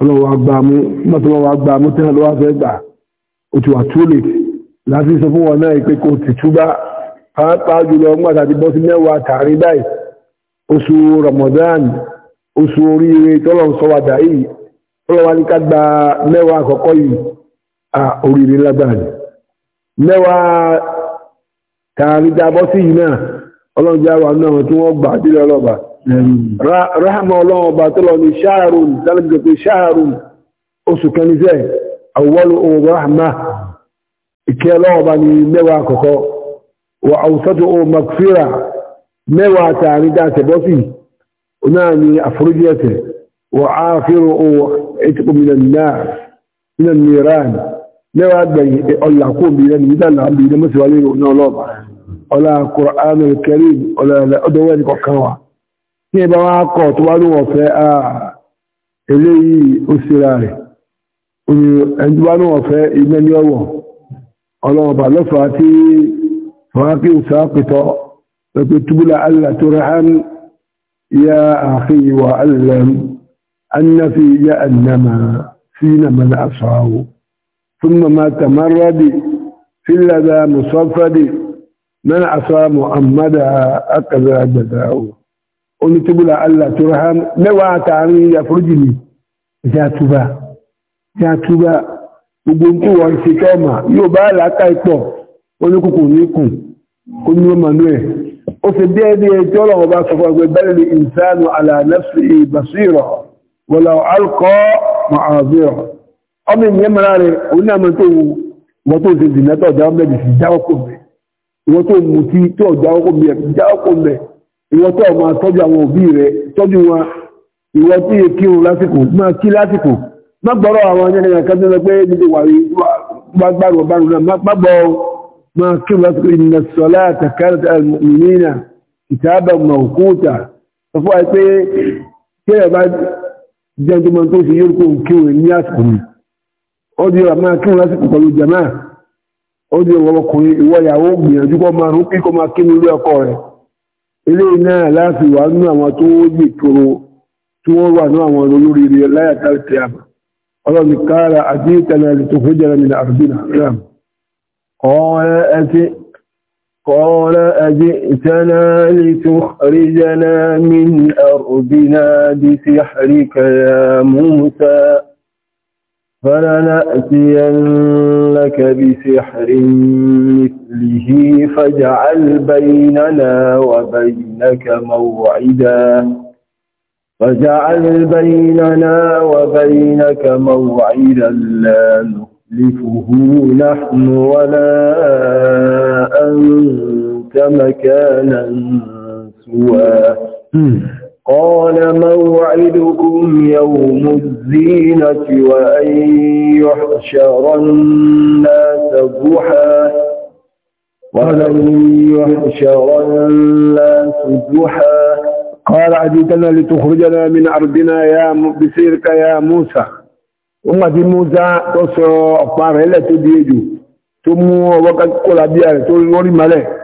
ọlọ́wọ́ agbámú mọ́tọ́lọ́wọ́ agbámú tí wọ́n wá fẹ́ gbà ó ti wà too late láti sọ fún wọn náà pé ti túbá pàápàá jùlọ mọ́ta ti bọ́ sí mẹ́wàá tààrí báyìí oṣù Ramadan oṣù oríire tọ́lọ̀ ń sọ wà dà gba mẹ́wàá àkọ́kọ́ yìí à oríire mẹ́wàá tààrí a bọ́ sí yìí náà ọlọ́run jẹ́ àwọn náà tí wọ́n gbà rahama ọlọ́run ọba tó lọ ní ṣáàrùn dálẹ́gbẹ̀ pé ṣáàrùn oṣù kan ní sẹ́ àwọlù ohun rahama ìkẹ́ ọlọ́run ọba ní mẹ́wàá àkọ́kọ́ wà àwùsọ́tò ohun makfira mẹ́wàá tààrí dáṣẹ̀ bọ́sì náà ní àforíjì ẹ̀ṣẹ̀ wà áfírò ohun ètùkù minan niran mẹ́wàá gbẹ̀yìn ọlà ní ẹbá wá kọ̀ tó wá lóhùn ọ̀fẹ́ eléyìí ó síra rẹ̀ ẹni wá lóhùn ọ̀fẹ́ iná ní ọ̀wọ̀ ọlọ́ọ̀bà lọ́fàá tí wọ́n pè sá pẹ̀tọ́ pẹ̀pẹ̀ túbúlà allah tó rán ya àfi wà allah annafi ya annama sínà mana aṣáwó ثم ما تمرد في اللذا مصفد من عصى محمدا أكذا بداؤه onítẹ́gbọ́lá allah tó rà hàn mẹ́wàá àtàrin àforíjì ni ìjà túbà ìjà túbà gbogbo tí wọ́n ń ṣe tọ́ọ̀mà yóò bá làákà ìpọ̀ oníkùkù níkùn oní ọmọnú ẹ̀ ó ṣe déédéé tí ọlọ́run bá sọ fún ẹgbẹ́ bẹ́ẹ̀ ni ìsánù alànẹ́sì ìbàṣírà wọ̀là alkọ́ màáfíà ọmọ ìyẹn mìíràn rẹ̀ wọ́n tó ṣe dìnnà tó ọjà ọmọ ẹ̀dì sí ọkùnrin jáwọ́kùnrin ìwọ tó máa tọ́jú àwọn òbí rẹ̀ tọ́jú wọn ìwọ tí yẹ kírun lásìkò máa kí lásìkò má gbọ́rọ̀ àwọn ẹnìyàn kan tó lọ pé níbi wà rí gbàgbàrù ọ̀bánu náà má gbọ́ máa kírun lásìkò inna salata kanat al-mu'minina kitaban mawquta sọ fún wa pé kí ẹ̀ bá jẹ́ tó máa tó ṣe yóò kó kírun ní àsìkò mi ó di ọ̀rọ̀ máa kírun lásìkò pẹ̀lú jàmáà ó di ọ̀rọ̀ ọkùnrin ìwọ ìyàwó gbìyànjú kọ́ máa rún kí máa kírun lé ọkọ rẹ̀ ilé náà láti wà nínú àwọn tó yè toro tí wọ́n wà ní àwọn olóríire láyàtà tí a ọlọ́ni kára àdíkàlẹ̀ rẹ̀ tó fún jẹ́rẹ̀ mìíràn àrùbínà ram قال أجئتنا لتخرجنا من أرضنا بسحرك يا موسى فلنأتينك بسحر مثله فاجعل بيننا وبينك موعدا فاجعل بيننا وبينك موعدا لا نخلفه نحن ولا أنت مكانا سواه قال موعدكم يوم الزينة وأن يحشر الناس ضحى وأن يحشر الناس ضحى قال عديتنا لتخرجنا من أرضنا يا بسيرك يا موسى وما في موسى تصعب فارهلة تديجو ثم وقد قل أبيار تقول ملك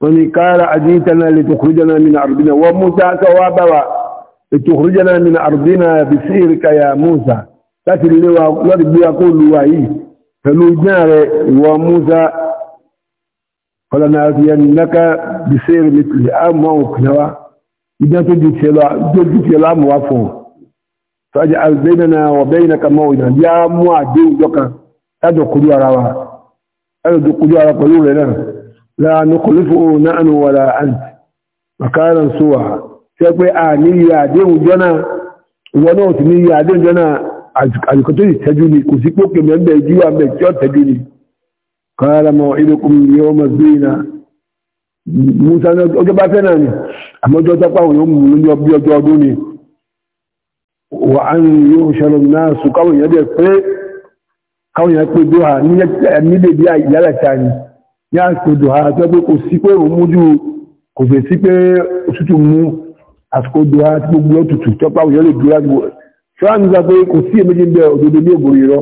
wani kara ajitana litukhrijana min ardina wa musa ka wa bawa litukhrijana min ardina bi sihrika ya musa láti lè wa lórí gbé akó luwa yìí pẹ̀lú jẹ́ rẹ̀ ìwọ musa kọlọ̀nà àti yẹn naka bi mitli àmọ́ àwọn òkìnawa idan tó ju tiẹ̀ lọ àmọ́ wa fún sọ́jà albainana wa bainaka mawina ya mú àdéhùn jọ kan lájọ kojú ara wa lájọ kojú ara pẹ̀lú rẹ̀ náà لا نخلفه نحن ولا أنت مكانا سوى سيقول آه نيي عدين جنا ونوت نيي عدين جنا àjùkọ́tò ìtẹ́jú ni kò sí pókè mẹ́gbẹ̀ ìjíwà mẹ́jọ́ tẹ́jú ni kọ́lá mọ̀ ìdókùn ní ọmọ gbéyìnà musa ọjọ́ bá fẹ́nà ni àmọ́jọ́ tọ́páwọn yóò mú ní ọbí ọjọ́ ọdún ni wà á ní yóò ṣẹlẹ̀ náà sùn káwọn èèyàn bẹ̀ pé káwọn èèyàn pé dóhà ní ẹ̀mí lè bí ìyálẹ̀ ta ni ní àsìkò dùhà tó pé kò sí pé òun mójú kò fẹ́ sí pé òtútù mú àsìkò dùhà tí gbogbo òtútù tó pa òyìnbó lè dúró láti wọ fúlàní sọ pé kò sí èméjì ń bẹ òdodo ní ògbò ìrọ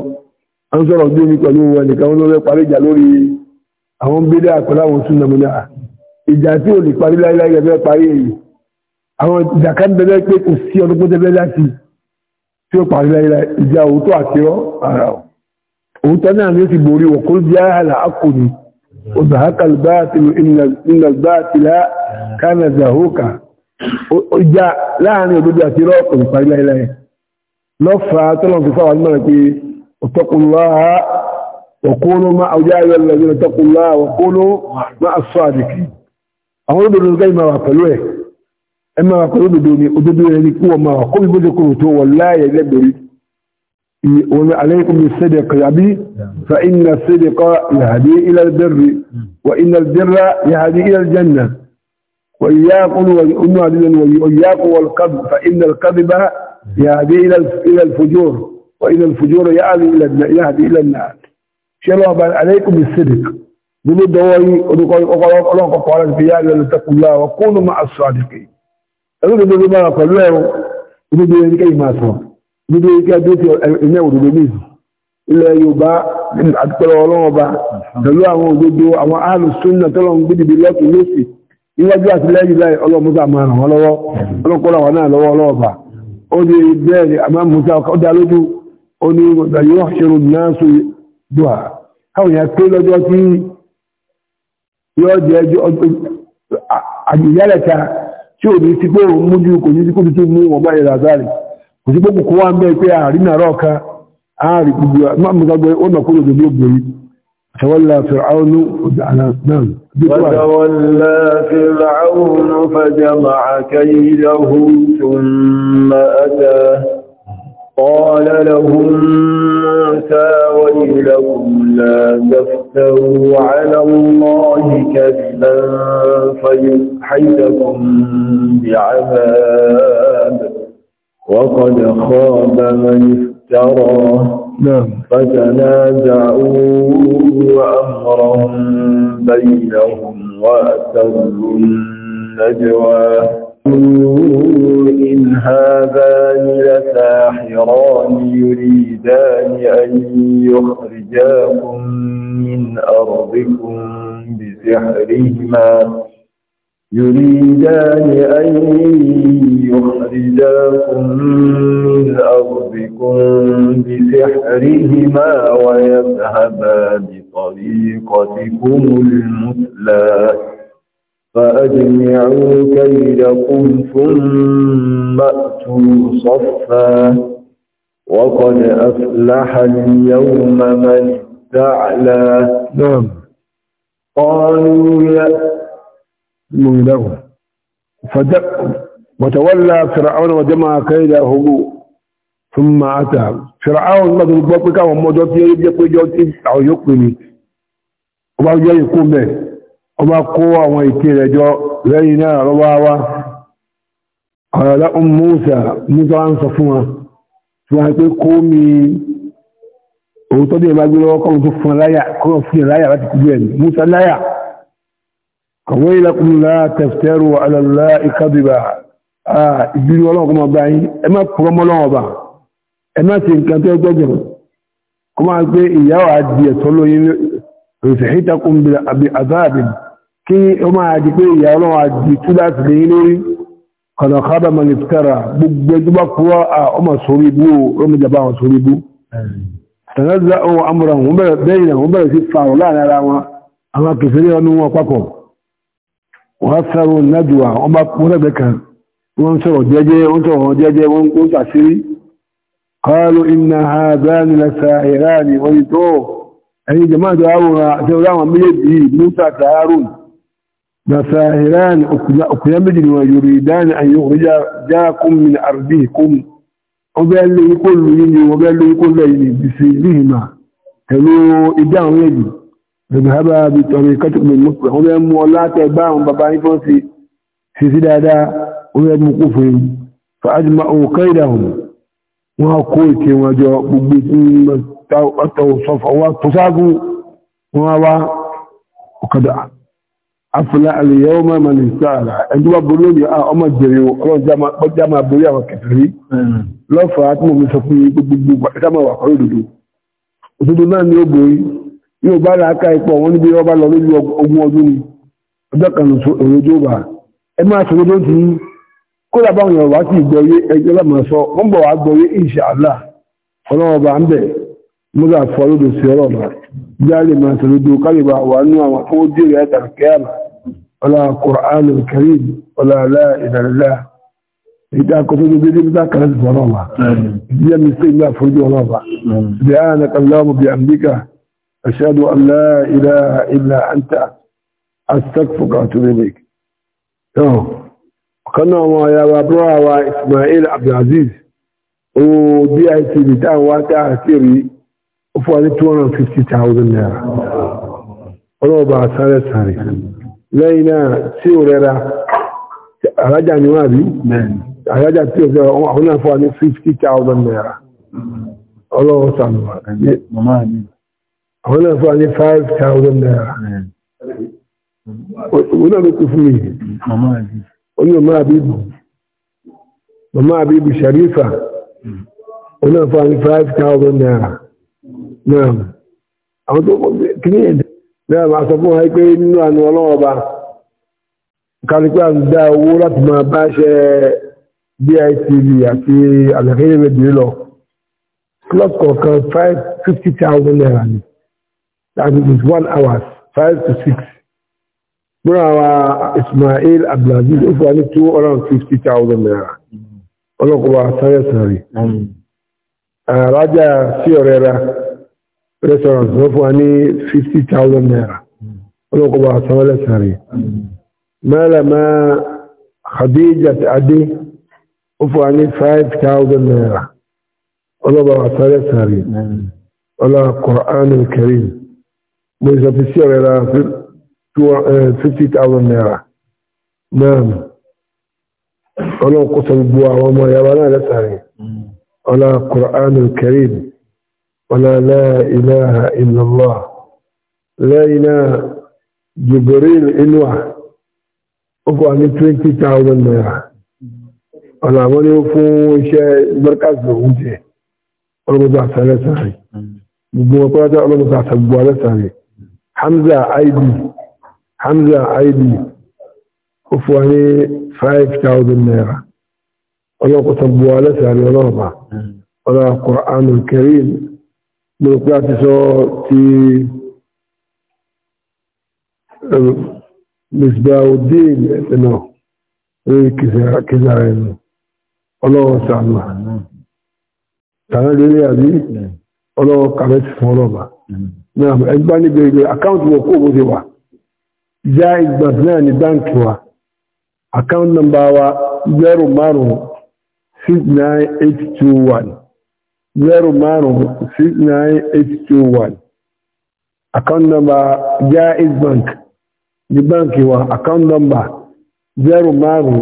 à ń sọ̀rọ̀ bí omi pẹ̀lú ẹnìkan ló rẹ parí ìjà lórí àwọn gbédé àpẹẹrẹ àwọn tún nàmúnà ìjà tí ò lè parí láíláí ẹgbẹ́ parí èyí àwọn ìjà kan bẹ̀rẹ̀ pé kò sí ọdún pọ́tẹ́bẹ́ láti tí ó parí láíláí ìjà òótọ́ àtirọ́ ara òótọ́ náà ni ó ti borí wọ̀ kó jẹ́ àlà àkòní وزهق الباطل إن الباطل كان زهوكا ìjà láàrin òdodo àti rọ́ọ̀kù ìparí láìláì lọ́fà tọ́lọ̀n fi fáwọn náà pé ọ̀tọ́kùnláà ọ̀kónú ma àwùjá ayọ́ lọ́jọ́ ọ̀tọ́kùnláà ọ̀kónú ma àṣọ àdìkì àwọn olódodo gáì máa wà pẹ̀lú ẹ̀ ẹ máa wà pẹ̀lú òdodo ni òdodo rẹ̀ ni kí wọ́n máa wà kó bí bó عليكم بالصدق يا نعم. فإن الصدق يهدي إلى البر نعم. وإن البر يهدي إلى الجنة وإياكم وإياكم والكذب فإن الكذب يهدي إلى إلى الفجور وإن الفجور يهدي إلى يهدي إلى النار شلوا عليكم بالصدق بلو دوي الله قال في هذا لتقوا الله وكونوا مع الصادقين أقول بما قالوا لهم كي ما صار níbi kí ẹbí ti ẹ̀yẹ́ òdòdó ní ilẹ̀ yorùbá àtìpẹ̀rẹ̀ ọlọ́wọ́ bá pẹ̀lú àwọn òdodo àwọn alùsùnà tọ́lọ̀ ń gbìdìbì lọ́tù lọ́sì níwájú àti lẹ́yìn láì ọlọ́mọsà máa ràn wọ́n lọ́wọ́ ọlọ́kọ́lá wọn náà lọ́wọ́ ọlọ́wọ́ bá ó ní bẹ́ẹ̀ ni àmọ́ musa ó dá lójú ó ní yóò ṣerú náà sọ dùà káwọn yẹn pé lọ́jọ́ tí yóò jẹ́ àjùyálẹ̀ta tí ní sípò kò ní sípò mú wọn bá yẹ òsìgbò kòkó wá ń bẹ́ pé ààrí nàárọ̀ ọ̀ka ààrí gbogbo mọ́mọ́gbogbo ó nà kúrò gbogbo obìnrin tawalla fir'aunu náà tawalla fir'aunu fajama'a kaydahu thumma ata qala lahum musa waylakum la taftaru 'ala allahi kadiban fayuhayyakum bi'adab وقد خاب من افترى نعم فتنازعوا أمرهم بينهم وأسروا النجوى إن هذان لساحران يريدان أن يخرجاكم من أرضكم بسحرهما يريدان أن يخرجاكم من أرضكم بسحرهما ويذهبا بطريقتكم المثلى فأجمعوا كيدكم ثم أتوا صفا وقد أفلح اليوم من استعلى نعم قالوا يأتي من له وتولى فرعون وجمع كيده ثم أتى فرعون ما ضرب بك ومضت يجيك وجوت أو يقبل وما يقوم به وما قوة ويكيل جو لينا رواوة قال أم موسى موسى عن صفوة فهذا قومي وطبيعي ما يقول لكم صفوة لا يا قوم لا يا موسى لا يا ويلكم لا تفتروا على الله كذبا ah ìbírí ọlọ́run kó máa bá yín ẹ má purọ́ mọ́ ọlọ́run ọba ẹ má ṣe nǹkan tó gbọ́gbẹ̀ mọ́ kó máa pé ìyá wa di ẹ̀tọ́ lóyún rìsìhítàkùn àbí manifestara gbogbo ẹjọ́ bá purọ́ ọmọ sórí ibú wọn sórí ibú ohun amúra wọn bẹ̀rẹ̀ sí fa láàrin ara wọn àwọn kẹfẹ́ وأثروا الندوة وما مربكا وانصروا جاجي وانصروا جاجي وانصروا عسيري قالوا إن هذان لسائران ويتوه أي جماعة دعونا سيولاما ميدي موسى كهارون لسائران أقيمجن ويريدان أن يخرجاكم من أرضكم وبأن يقول لي وبأن يقول لي بسيرهما قالوا إدعوا يدي اذهبا بطريقتكم المصلحة هم يمولات أباهم باباني فوسي في سدادا هم يدمقوفهم فأجمعوا كيدهم وقلت وجاء ببيتهم أتوا صفوات تصاقوا وما وقد أفلع اليوم من استعلى عندما بلون يا أما الجريو جمع بويا وكفري لو فاتموا من سفوي ببيتهم وكما وقعوا دلو وتدو نان يبوي yóò b'a láàká ipò wọn níbi ọba lọ lórí ogun ọdún ni ọjọ́ kan òròjò bá ẹ máa sọ lójó tí kó dàbá àwọn yorùbá sì gbọ́yé ẹjọ́ lọ́mọ̀ sọ wọ́n bọ̀ wá gbọ́yé ìṣàlá ọlọ́ọba ń bẹ̀ múlá fọ́ lódò sí ọ̀rọ̀ ọ̀la bí a lè máa sọ lójó kálíbà wà nú àwọn tó ọlá ọlá أشهد أن لا إله إلا أنت أستغفرك وأتوب إليك قلنا يا وابرا وإسماعيل عبد العزيز ودي اي تي بي تاع واتا تيري وفوالي 250000 نيرا ọlọ́ọ̀bà sáré sáré lẹ́yìn náà tí ó rẹra àrájà ni wọ́n rí àrájà tí ó fẹ́ àwọn náà fún wa ní 50,000 naira àwọn náà fún wa ní five thousand naira òun náà ló kú fún mi ó ní mama abibu mama abibu sharifa òun náà fún wa ní five thousand naira náà àwọn tó kí ní ẹ̀dá náà máa sọ fún wa pé nínú àánú ọlọ́wọ́ ba kálípẹ́ à ń dá owó láti máa bá ṣe bitv àti àlàkéyèrè dìé lọ club kọ̀ọ̀kan five fifty thousand naira ni. It is one hour five to six múra wa Ismail Abdulaziz ó fún ní two around fifty thousand naira ọlọ́kọ̀ọ́ba sáyẹ̀sì rẹ̀ rájà sí ọ̀rẹ́ ra restaurant wọ́n fún ní fifty thousand naira ọlọ́kọ̀ọ́ba sáyẹ̀sì rẹ̀ mẹ́lẹ̀mẹ́ Khadija Adi, ó fún ní five thousand naira ọlọ́kọ̀ọ́ba sáyẹ̀sì rẹ̀ ọlọ́kọ̀ọ́ Qur'an al-Karim mo ìṣàfihàn sí ọ̀rẹ́ ra eh, fifty thousand naira náà ọlọ́run kó sọ gbogbo àwọn ọmọ ìyàwó náà lẹ́sàrẹ̀ ọlá Qur'anul Karim ọlá la ilaha illallah lẹ́yìn náà Jibril inua ó kọ́ ní twenty thousand naira ọ̀nà àwọn ni ó fún iṣẹ́ mẹ́rẹ́kàsì òun jẹ́ ọlọ́mọdé àtàlẹ́sàrẹ̀ gbogbo ọpọ́lọ́dé ọlọ́mọdé àtàgbọ́ alẹ́sàrẹ̀ hamza ib hamza ib ó fún wa ní five thousand naira ọlọ́kọ̀ tó bu alẹ́ sàrí ọlọ́ọ̀bà ọlọ́ Qur'anul Karim mo pé a ti sọ ti um, misbahudeen ẹ̀nà orí kìsàrẹ̀ ẹ̀nà ọlọ́wọ́ sàánù ọlọ́wọ́ kàrẹ́sì fún ọlọ́ba ẹgbẹ́ ní gbèrè àkáǹtì wọ̀ kó bó ṣe wà já ìgbà náà ní báǹkì wa àkáǹtì nàmbà wa zero márùn six nine eight two one zero márùn six nine eight two one àkáǹtì nàmbà já bank ní báǹkì wa àkáǹtì nàmbà zero márùn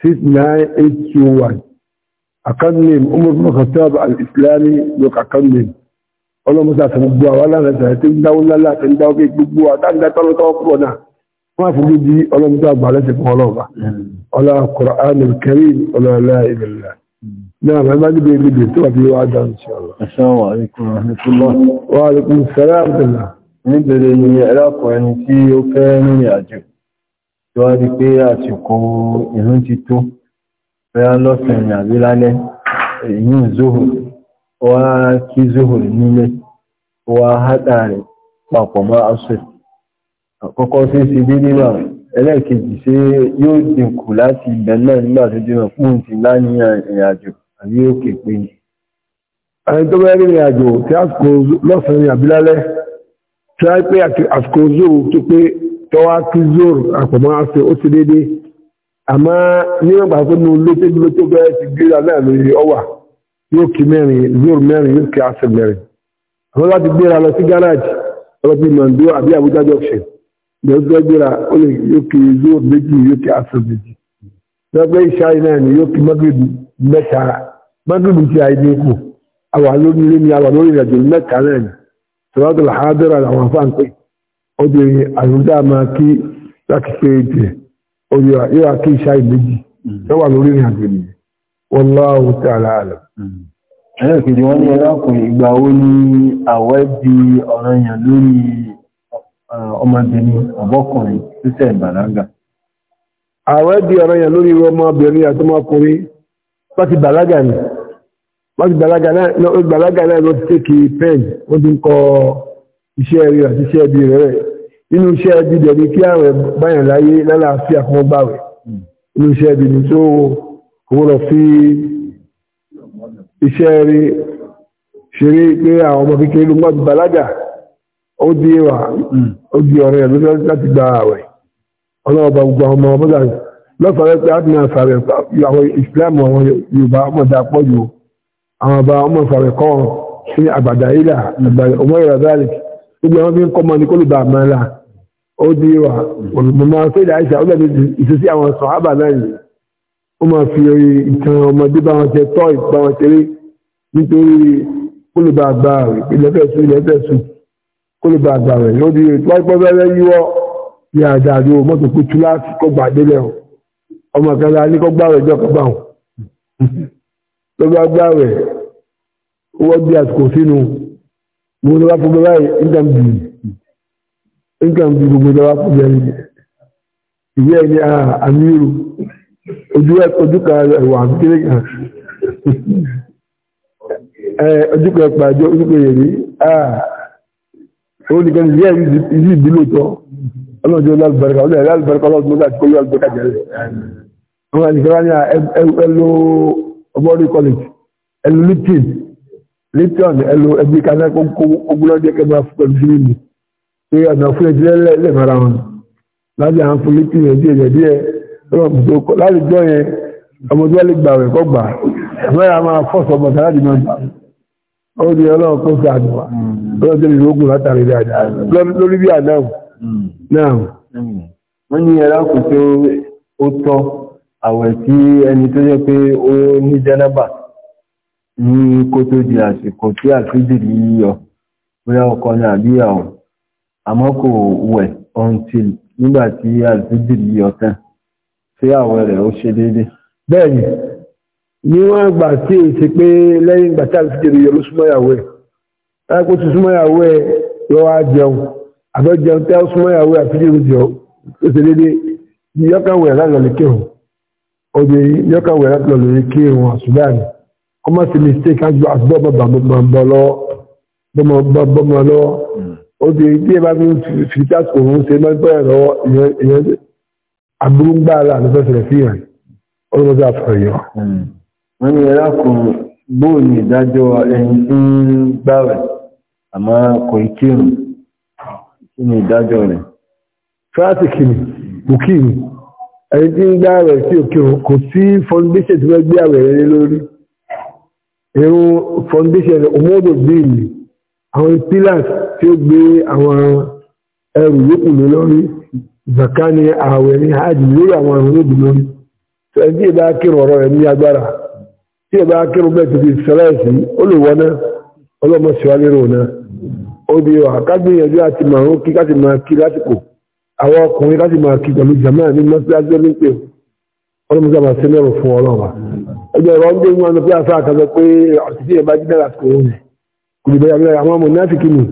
six nine eight two one àkáǹtì name umar bin al-islami lókàkáǹtì name ọlọ́mọsá fún gbogbo àwọn aláàrẹ̀sẹ̀ tí ń dáwó lálá tí ń dáwó pé gbogbo àtàgbà tọ́lọ́tọ́ pọ̀ náà wọ́n á fúgbé di ọlọ́mọsá àgbà lẹ́sẹ̀ fún ọlọ́ọ̀bá ọlá Qur'an al-Karim ọlọ́ọ̀lá ìbẹ̀lẹ̀ náà bàbá níbi ìbíbi tó wà fi wá dá ní ṣọ́ọ̀lọ́. Assalamu alaikum warahmatullah. Wa alaikum salam àbẹ̀là. níbẹ̀rẹ̀ ni alákùnrin tí kí zóhùn nílẹ̀ wa hádà rẹ̀ papọ̀ mọ́ asẹ̀ àkọ́kọ́ sí sí dédé náà ẹlẹ́ẹ̀kejì sí yóò dínkù láti ibẹ̀ náà nígbà tó jẹ́ pún ti láníyàn ìrìnàjò àbí òkè pé ẹni tó bẹ́ẹ̀ rìnrìn àjò tí àsìkò lọ́sàn-án tí a pé àsìkò zoo tó pé tọ́wá kí zoo àpọ̀mọ́ asẹ̀ ó ti dédé àmọ́ níwọ̀n bẹ́ẹ̀ ti gbéra náà lórí ọwà yóò àwọn láti gbéra lọ sí garage ọlọ́pí mọ̀ndó àbí àbújá junction ní ó fẹ́ gbéra ó lè yókè zoo méjì yókè aṣọ lọ́gbẹ́ ìṣáì náà ni yókè mọ́gìrì mẹ́ta mọ́gìrì ti àìní kù àwọn lórí ilé ni àwọn lórí ìrìnàjò mẹ́ta náà ni làwọn ó di àrùdá máa kí láti pé yóò kí ìṣáì méjì lọ́wọ́ ìrìnàjò nìyẹn ta'ala ẹlẹ́kẹ̀ẹ́jì wọ́n ní ẹlẹ́kùn ìgbà ó ní àwẹ̀ di ọ̀rọ̀ èèyàn lórí ọmọbìnrin ọ̀bọ́kùnrin títẹ̀ ìbàlágà àwẹ̀ di ọ̀rọ̀ èèyàn lórí ọmọbìnrin àtọmọkùnrin láti bàlágà ni láti bàlágà náà ló ti tẹ́kì pen ó ti ń kọ iṣẹ́ rí àti iṣẹ́ bí rẹ̀ inú iṣẹ́ bí dẹ̀bi kí àwẹ̀ báyàn láyé lálàáfíà fún ọgbà rẹ̀ hmm. inú iṣẹ́ bí ni tó kò fi iṣẹ́ rí ṣeré pé àwọn ọmọ kékeré ló wọ́n balaga ó di wà ó di ọ̀rẹ́ ẹ̀ lọ́sọ̀rọ̀ láti gba àwẹ̀ ọlọ́ọ̀bà gbogbo àwọn ọmọ ọmọdé lọ́sọ̀rọ̀ pé àti náà sàrẹ̀ àwọn Islam àwọn Yorùbá ọmọdé pọ̀ jù àwọn ọba ọmọ sàrẹ̀ kọ́ sí àgbàdà ilà ọmọ ìrọ̀dálì ó máa fi ìtàn ọmọdé bá wọn ṣe tọ́ ìgbà wọn ṣeré nítorí kólébà àgbà rẹ̀ ilẹ̀fẹ̀sùn ilẹ̀fẹ̀sùn kólébà àgbà rẹ̀ lórí ètò àìpọ́ fẹ́rẹ́ yíwọ́ ní àdàdo mọ́tò kú túláàsì kọgbà délẹ̀ o ọmọ kan la ní kó gbà rẹ̀ jọ kọgbà o ló bá gbà rẹ̀ ó wọ́n bí àsìkò sínú mo lọ́wọ́ fún bẹ́ẹ̀ báyìí nǹkan bì nǹkan bì gbogbo lọ́wọ́ fún bẹ́ẹ̀ ìwé ẹni àmì ojú ojú kan ẹ̀wà kékeré kan ojú kan pàjọ ojú kan yèrè òun nìkan ní ìyá ìlú ìbílò tọ́ ọlọ́jọ́ lálùbáríkà ọlọ́jọ́ lálùbáríkà ọlọ́jọ́ mọ́tà kó yọ àlùbáríkà jẹ́rẹ̀ àwọn àdìgbà ní ẹlò ọgbọ́rí college ẹlò lipton lipton ẹlò ẹbí kaná ogunlọ́dẹ́ kẹmà pẹ̀lú sí mímu pé ọ̀nà fún ẹjẹ́ lẹ́mọ̀ra wọn lábẹ́ àwọn fún lipton ẹ̀díẹ̀ díẹ̀ láti jọ yẹn ọmọdé wà lè gbà rẹ̀ kọ́ gbà mẹ́ra máa fọ́sọ̀ bọ̀tà láti máa gbà ó di ọlọ́run kó sí àdùnwà lọ́dọ̀ tẹ́lẹ̀ ìrógùn látàrí dáadáa lórí bí àdáhùn hmm. náà. wọ́n ní ẹ̀rọ kò tó ó tọ́ àwẹ̀ tí ẹni tó jẹ́ pé ó ní jẹ́nàbà ní kó tó di àsìkò tí àfíjìrì yíyọ bóyá ọkọ ní àbíyàwó àmọ́ wẹ̀ ọ̀ǹtì nígbà tí yíyọ tán sí àwẹ̀ rẹ̀ ó ṣe déédé bẹ́ẹ̀ni níwọ̀n gbà tí è ti pé lẹ́yìn ìgbà tí àlùfíjèrè yọ ló súnmọ́yàwó ẹ̀ ẹ̀kọ́ ti súnmọ́yàwó ẹ̀ lọ́wọ́ á jẹun àbẹ́ jẹun tẹ́ súnmọ́yàwó àfíjèrè jọ ó ṣe déédé yọ́kàwé aláàlọ́lẹ̀ kéhùn òde yọ́kàwé aláàlọ́lẹ̀ kéhùn àṣùgbàní ọmọ sí mistake àjọ àgbọ̀ bàbà lọ́wọ́ òde tí ẹ bá fi fi tásìkò òun ṣe mọ́ aburú ń gbá ara àti fẹsẹ̀rẹ̀ sí ìrìn olùkọ́sí àfọ̀yọ́. wọ́n ní ẹ̀rọ kan bóò ìdájọ́ ẹni tí ń gbààwẹ̀ àmọ́ kò í kírun kí ni ìdájọ́ rẹ̀. tíráàtìkì ni kò kí ni ẹni tí ń gbààwẹ̀ sí òkèrò kò sí fọndéṣẹ̀ tí wọ́n gbé àwẹ̀ rẹ̀ lórí irun fọndéṣẹ̀ òmòdò bíi àwọn pílà tí ó gbé àwọn ẹrù yòókù lórí. zaka ni ààwẹ̀ ní hajj lórí awon àrùn lóbi lórí tó ẹni tí ìbá kírun ọ̀rọ̀ rẹ̀ ní agbára tí ìbá kírun bẹ́ẹ̀ tètè sẹ́láìsì ó olomo wọ́n náà na síwájú rò náà ó di wà kágbìyànjú àti màrún kí láti máa kí lásìkò àwọn ọkùnrin láti máa kí jama ní mọ́síláṣí ní pé ọlọ́mọ sábà máa ṣe ẹgbẹ́ pé àkàzọ pé òun kò àwọn ọmọ náà kí ni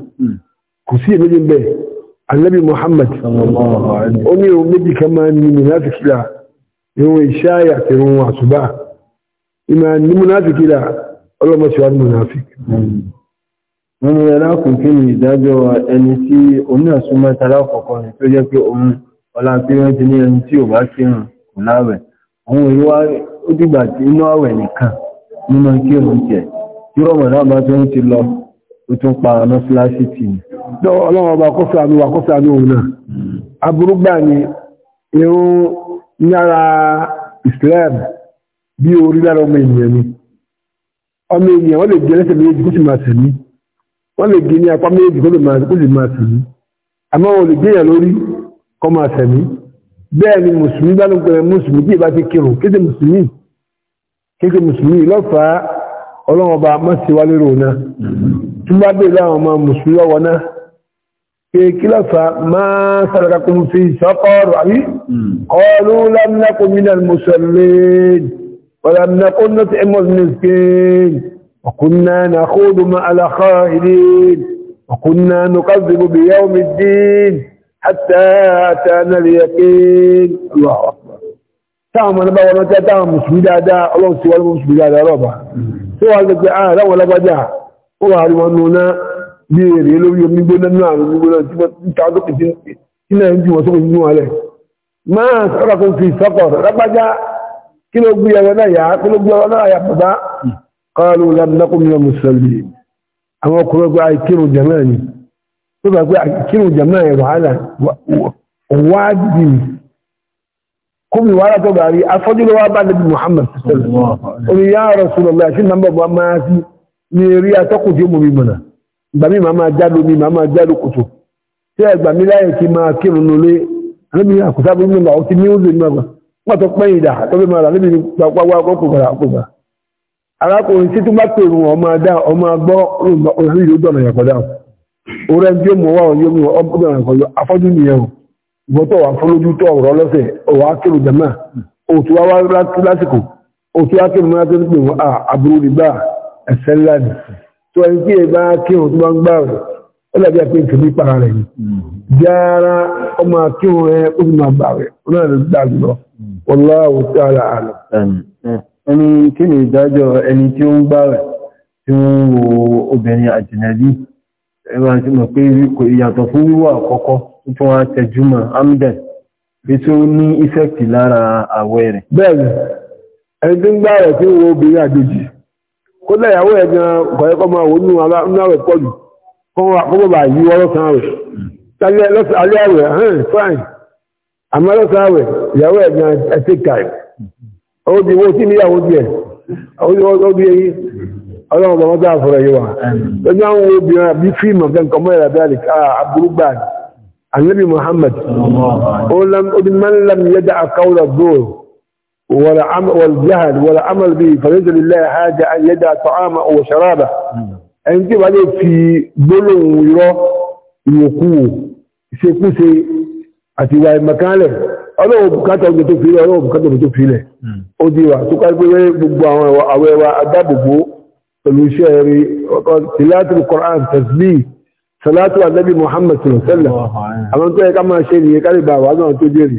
kò sí annabi muhammad ó ní ohun méjì kan máa ní múnáfikílà ìwọ̀n ìṣáyà àti ìwọ̀n àṣùbá ìmọ̀ ní múnáfikílà ọlọ́mọṣẹ́wà ní múnáfik wọ́n ni alákùn kí ni ìdájọ́ ẹni tí oníàsúnmọ́ tara kọ̀kọ́ ni tó jẹ́ pé òun ọlá pé wọ́n ti ní ẹni tí ò bá kírun kò láwẹ̀ òun ìwá ó dìgbà tí inú àwẹ̀ nìkan nínú kírun tiẹ̀ tí rọ̀mọ̀dá bá tó ń ti lọ ó tún pa mọ́síláṣí tì ní ọlọ́wọ́ ọba kó sàánú wa kó sàánú òun náà aburú gbà ní irun yára Islam bí orí lára ọmọ ènìyàn ni ọmọ ènìyàn wọ́n lè gé lẹ́sẹ̀ méjì kó sì máa sẹ̀mí wọ́n lè gé ní apá méjì kó sì máa sẹ̀mí àmọ́ wọ́n lè gé yàn lórí kó máa sẹ̀mí bẹ́ẹ̀ ni mùsùlùmí bá ló ń pẹ̀lẹ̀ mùsùlùmí tí ìbá ti kírun kéde mùsùlùmí kéde mùsùlùmí lọ́fàá ọlọ́wọ́ba mọ́síwálérò náà tí wọ́n bá bèèrè àwọn ọmọ mùsùlùmí lọ́wọ́ náà كلفة ما سلككم في سقر قالوا لم نكن من المسلمين ولم نكن نطعم المسكين وكنا نخوض مع الخائدين وكنا نكذب بيوم الدين حتى أتانا اليقين الله أكبر تعمل بقى ومتى تعمل مسلم دادا الله سوى المسلم دادا ربا سوى لك آه ولا بدا وهل وننا bí èrè lórí omi gbóná ní àrùn gbóná tí wọ́n ń ta ọdọ́kì tí náà ń jù wọ́n sókè nínú alẹ̀ máa sọ́kà tó fi sọ́kọ̀ lágbájá kí ló gbé ẹran náà yá kí ló gbé ẹran náà yá bàbá kọ́ọ̀lù lábúlákùnrin mùsùlùmí àwọn ọkùnrin gba ìkírun jàmá ni tó bá pé ìkírun jàmá yẹn wàhálà wáàdì kómi wàhálà tó bá rí afọ́jú ló wá bá nàbí Muhammad sọ́lù Rasulullah àti nàmbà bọ́ máa sí ní eré atọ́kùn gbàmí màá máa jáde omi màá máa jáde kòtò tí ẹ gbàmí láyè kí máa kírun nulẹ̀ alẹ́bí àkùsá bí mímọ àwọn ti ní oúnjẹ ní ọgbà wọ́n tó pẹ́yìn ìdá tó fẹ́ máa rà níbi pàpàwọ́ akọ́kọ̀ọ́kọ̀ àkọ́kọ̀ arákùnrin sí tó bá pèrò wọn ọmọ adá ọmọ agbọ́ òṣèlú ìlú dọ̀nà yàkọ̀dá òrẹ́ tí ó mọ̀ wá òye mi ọmọdé yàkọ̀dá afọ́jú nìyẹn ìwọ́n tó wà fọlójú tó ọ̀rọ̀ lọ́sẹ̀ tó ẹni tí èèbá kírun tó bá ń gbà rẹ̀ ó lẹ́bí ẹ̀pẹ́ ìkìlí para rẹ̀ yìí jára ọmọ kírun rẹ̀ ó fi máa bà rẹ̀ ó náà lè gbà jùlọ wallahu ta'ala a'lam. ẹni kí ni ìdájọ́ ẹni tí ó ń gbà rẹ̀ tí ó ń wo obìnrin àjìnàbí ẹ̀rọ àti mọ̀ pé kò ìyàtọ̀ fún wíwọ̀ àkọ́kọ́ tó tún wá tẹjúmọ̀ amden bí tí ó ní ífẹ́kì lára àwẹ̀ rẹ̀. bẹ́ẹ̀ni ẹni tí ń gbà rẹ̀ tí ó wo obìnrin àjòjì kódà ìyàwó ẹ̀ gan gbàyẹ́kọ́ máa wò nínú aláwẹ̀ pọ̀jù kọ́mọ̀ bá yí wọ́rọ́ san rẹ̀ tálẹ́ alẹ́ àwẹ̀ hàn fine àmọ́ lọ́sàn àwẹ̀ ìyàwó ẹ̀ gan ẹ̀ take time ó di owó tí níyàwó díẹ̀ ó di eyín ọlọ́run bàbá tá a fọ̀rọ̀ yìí wà lọ́jọ́ àwọn obìnrin àbí fíìmù ولا عمل والجهل ولا عمل به فليس لله حاجة أن يدع طعامه وشرابه أن تبقى عليه في بلو ويرى يوقوه ìṣekúṣe àti ìwà ìmọ̀kánlẹ̀ ọlọ́wọ́ bùkátà oúnjẹ tó fi lẹ̀ ọlọ́wọ́ bùkátà oúnjẹ tó fi lẹ̀ ó di wà tó kárí pé gbogbo àwọn àwẹ̀ wa adábòbò pẹ̀lú iṣẹ́ rí tìlátù Qur'an tasbi salatu anabi Muhammad sallallahu alaihi wasallam àwọn tó yẹ ká máa ṣe nìyẹn kárí bá wà náà tó dé rí